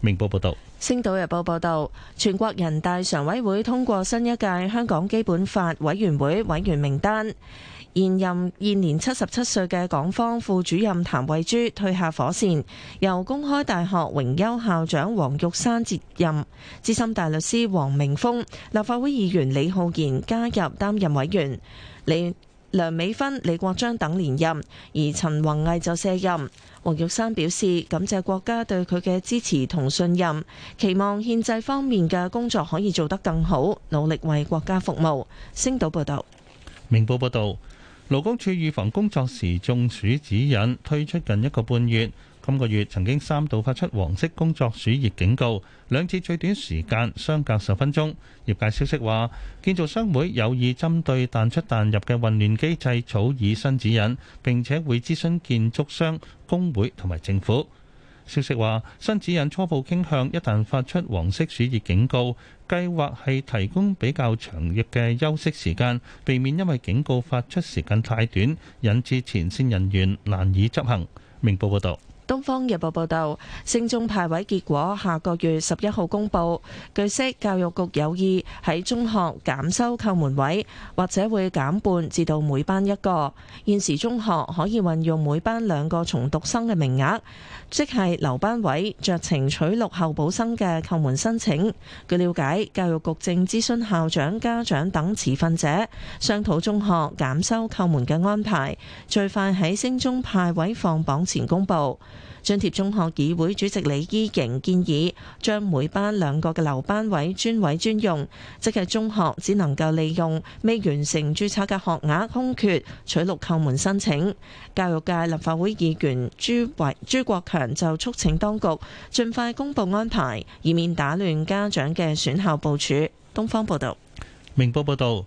S4: 明報報導，
S3: 《星島日報》報導，全國人大常委會通過新一屆香港基本法委員會委員名單。現任現年七十七歲嘅港方副主任譚慧珠退下火線，由公開大學榮休校長黃玉山接任。資深大律師黃明峰、立法會議員李浩然加入擔任委員，李梁美芬、李國章等連任，而陳弘毅就卸任。黃玉山表示感謝國家對佢嘅支持同信任，期望憲制方面嘅工作可以做得更好，努力為國家服務。星島報道，
S4: 明報報道。勞工處預防工作時中暑指引推出近一個半月，今個月曾經三度發出黃色工作暑熱警告，兩次最短時間相隔十分鐘。業界消息話，建造商會有意針對彈出彈入嘅混亂機制草擬新指引，並且會諮詢建築商、工會同埋政府。消息話，新指引初步傾向，一旦發出黃色暑熱警告，計劃係提供比較長日嘅休息時間，避免因為警告發出時間太短，引致前線人員難以執行。明報報道，
S3: 《東方日報》報道，升中派位結果下個月十一號公佈。據悉，教育局有意喺中學減收叩門位，或者會減半，至到每班一個現時中學可以運用每班兩個重讀生嘅名額。即係留班位、酌情取錄後補生嘅扣門申請。據了解，教育局正諮詢校長、家長等持份者，商討中學減收扣門嘅安排，最快喺升中派位放榜前公佈。津貼中學議會主席李依瑩建議，將每班兩個嘅留班位專位專用，即係中學只能夠利用未完成注冊嘅學額空缺，取錄叩門申請。教育界立法會議員朱維朱國強就促請當局盡快公布安排，以免打亂家長嘅選校部署。東方報道，
S4: 明報報道。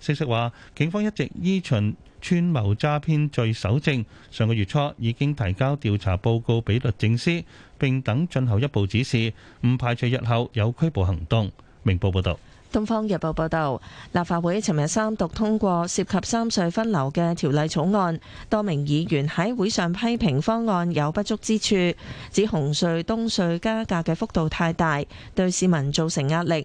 S4: 消息話，警方一直依循串謀詐騙罪搜證，上個月初已經提交調查報告俾律政司，並等進後一步指示，唔排除日後有拘捕行動。明報報導，
S3: 《東方日報》報道，立法會尋日三讀通過涉及三隧分流嘅條例草案，多名議員喺會上批評方案有不足之處，指紅隧、東隧加價嘅幅度太大，對市民造成壓力。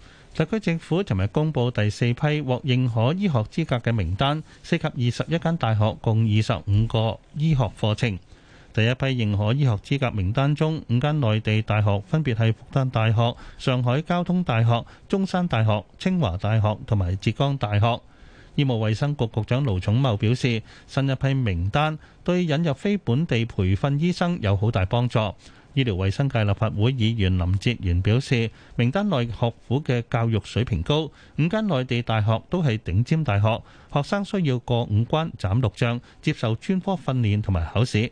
S4: 特區政府昨日公布第四批獲認可醫學資格嘅名單，涉及二十一間大學，共二十五個醫學課程。第一批認可醫學資格名單中，五間內地大學分別係復旦大學、上海交通大學、中山大學、清華大學同埋浙江大學。醫務衛生局局，局長盧重茂表示，新一批名單對引入非本地培訓醫生有好大幫助。醫療衛生界立法會議員林哲玄表示，名單內學府嘅教育水平高，五間內地大學都係頂尖大學，學生需要過五關斬六將，接受專科訓練同埋考試。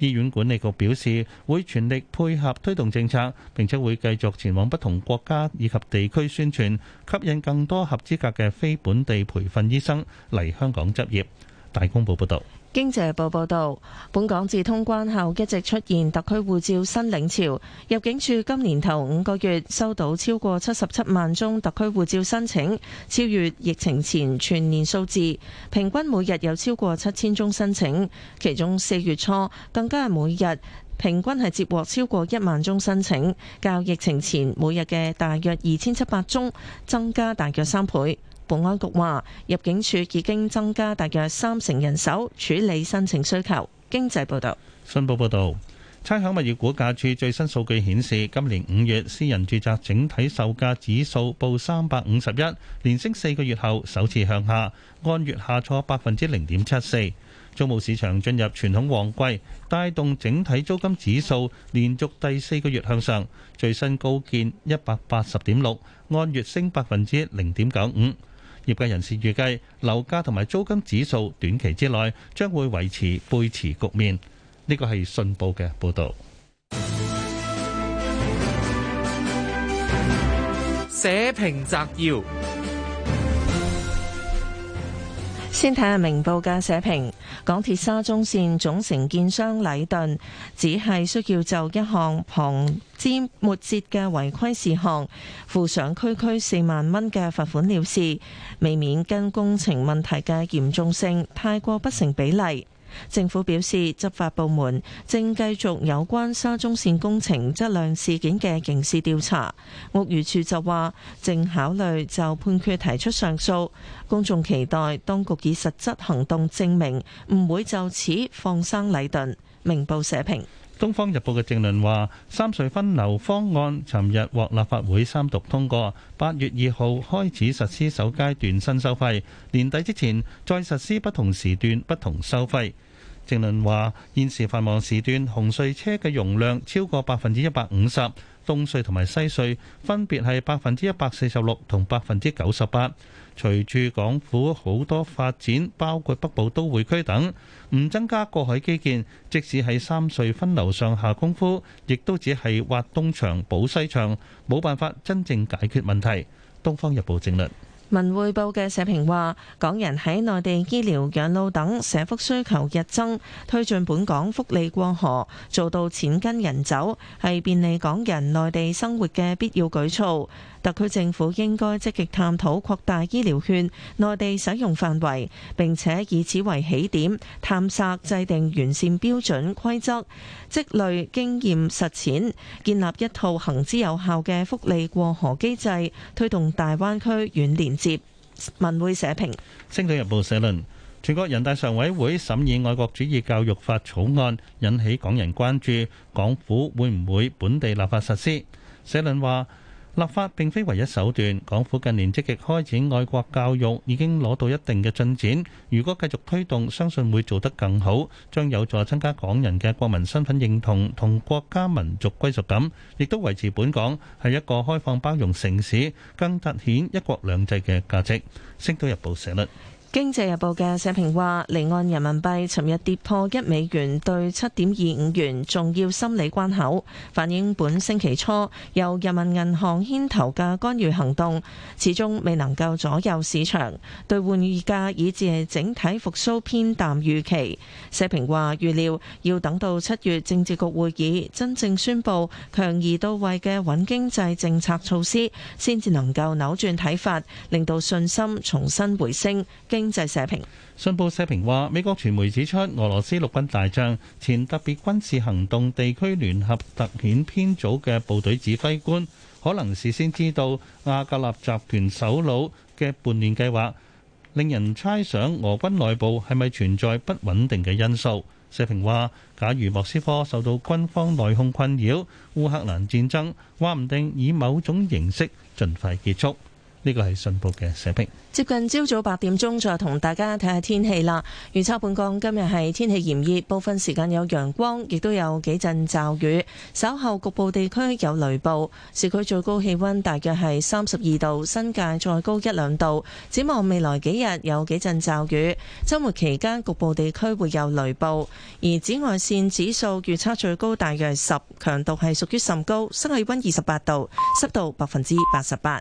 S4: 醫院管理局表示，會全力配合推動政策，並且會繼續前往不同國家以及地區宣傳，吸引更多合資格嘅非本地培訓醫生嚟香港執業。大公報報道。
S3: 經濟日報報道，本港自通關後一直出現特區護照新領潮。入境處今年頭五個月收到超過七十七萬宗特區護照申請，超越疫情前全年數字，平均每日有超過七千宗申請。其中四月初更加係每日平均係接獲超過一萬宗申請，較疫情前每日嘅大約二千七百宗增加大約三倍。保安局話，入境處已經增加大約三成人手處理申請需求。經濟報道，信報報道，
S4: 差餉物業估價署最新數據顯示，今年五月私人住宅整體售價指數報三百五十一，連升四個月後首次向下，按月下挫百分之零點七四。租務市場進入傳統旺季，帶動整體租金指數連續第四個月向上，最新高見一百八十點六，按月升百分之零點九五。業界人士預計，樓價同埋租金指數短期之內將會維持背馳局面。呢個係信報嘅報道。
S3: 社
S9: 評摘要。
S3: 先睇下明報嘅社評，港鐵沙中線總承建商禮頓只係需要就一項旁枝末節嘅違規事項，付上區區四萬蚊嘅罰款了事，未免跟工程問題嘅嚴重性太過不成比例。政府表示，執法部門正繼續有關沙中線工程質量事件嘅刑事調查。屋宇署就話，正考慮就判決提出上訴。公眾期待當局以實質行動證明唔會就此放生禮頓。明報社評。《東
S4: 方日報》嘅政論話，三隧分流方案尋日獲立法會三讀通過，八月二號開始實施首階段新收費，年底之前再實施不同時段不同收費。政論話：現時繁忙時段，紅隧車嘅容量超過百分之一百五十，東隧同埋西隧分別係百分之一百四十六同百分之九十八。隨住港府好多發展，包括北部都會區等，唔增加過海基建，即使喺三隧分流上下功夫，亦都只係挖東牆補西牆，冇辦法真正解決問題。《東方日報》政論。
S3: 文匯報嘅社評話，港人喺內地醫療、養老等社福需求日增，推進本港福利過河，做到錢跟人走，係便利港人內地生活嘅必要舉措。特區政府應該積極探討擴大醫療券內地使用範圍，並且以此為起點，探索制定完善標準規則，積累經驗實踐，建立一套行之有效嘅福利過河機制，推動大灣區軟連結。文匯社評。《
S4: 星島日報》社論：全國人大常委會審議《愛國主義教育法》草案，引起港人關注，港府會唔會本地立法實施？社論話。立法並非唯一手段，港府近年積極開展愛國教育，已經攞到一定嘅進展。如果繼續推動相信會做得更好，將有助增加港人嘅國民身份認同同國家民族歸屬感，亦都維持本港係一個開放包容城市，更凸顯一國兩制嘅價值。星島日報社論。
S3: 經濟日報嘅社評話，離岸人民幣尋日跌破一美元對七點二五元重要心理關口，反映本星期初由人民銀行牽頭嘅干預行動始終未能夠左右市場兌換預價，以至係整體復甦偏淡預期。社評話，預料要等到七月政治局會議真正宣布強而到位嘅穩經濟政策措施，先至能夠扭轉睇法，令到信心重新回升。經報社評：信
S4: 報社評話，美國傳媒指出，俄羅斯陸軍大將、前特別軍事行動地區聯合特遣編組嘅部隊指揮官，可能事先知道瓦格納集團首腦嘅叛亂計劃，令人猜想俄軍內部係咪存在不穩定嘅因素。社評話，假如莫斯科受到軍方內訌困擾，烏克蘭戰爭話唔定以某種形式盡快結束。呢個係信報嘅社評，
S3: 接近朝早八點鐘，再同大家睇下天氣啦。預測本港今日係天氣炎熱，部分時間有陽光，亦都有幾陣驟雨，稍後局部地區有雷暴。市區最高氣温大約係三十二度，新界再高一兩度。展望未來幾日有幾陣驟雨，週末期間局部地區會有雷暴。而紫外線指數預測最高大約十，強度係屬於甚高。室氣温二十八度，濕度百分之八十八。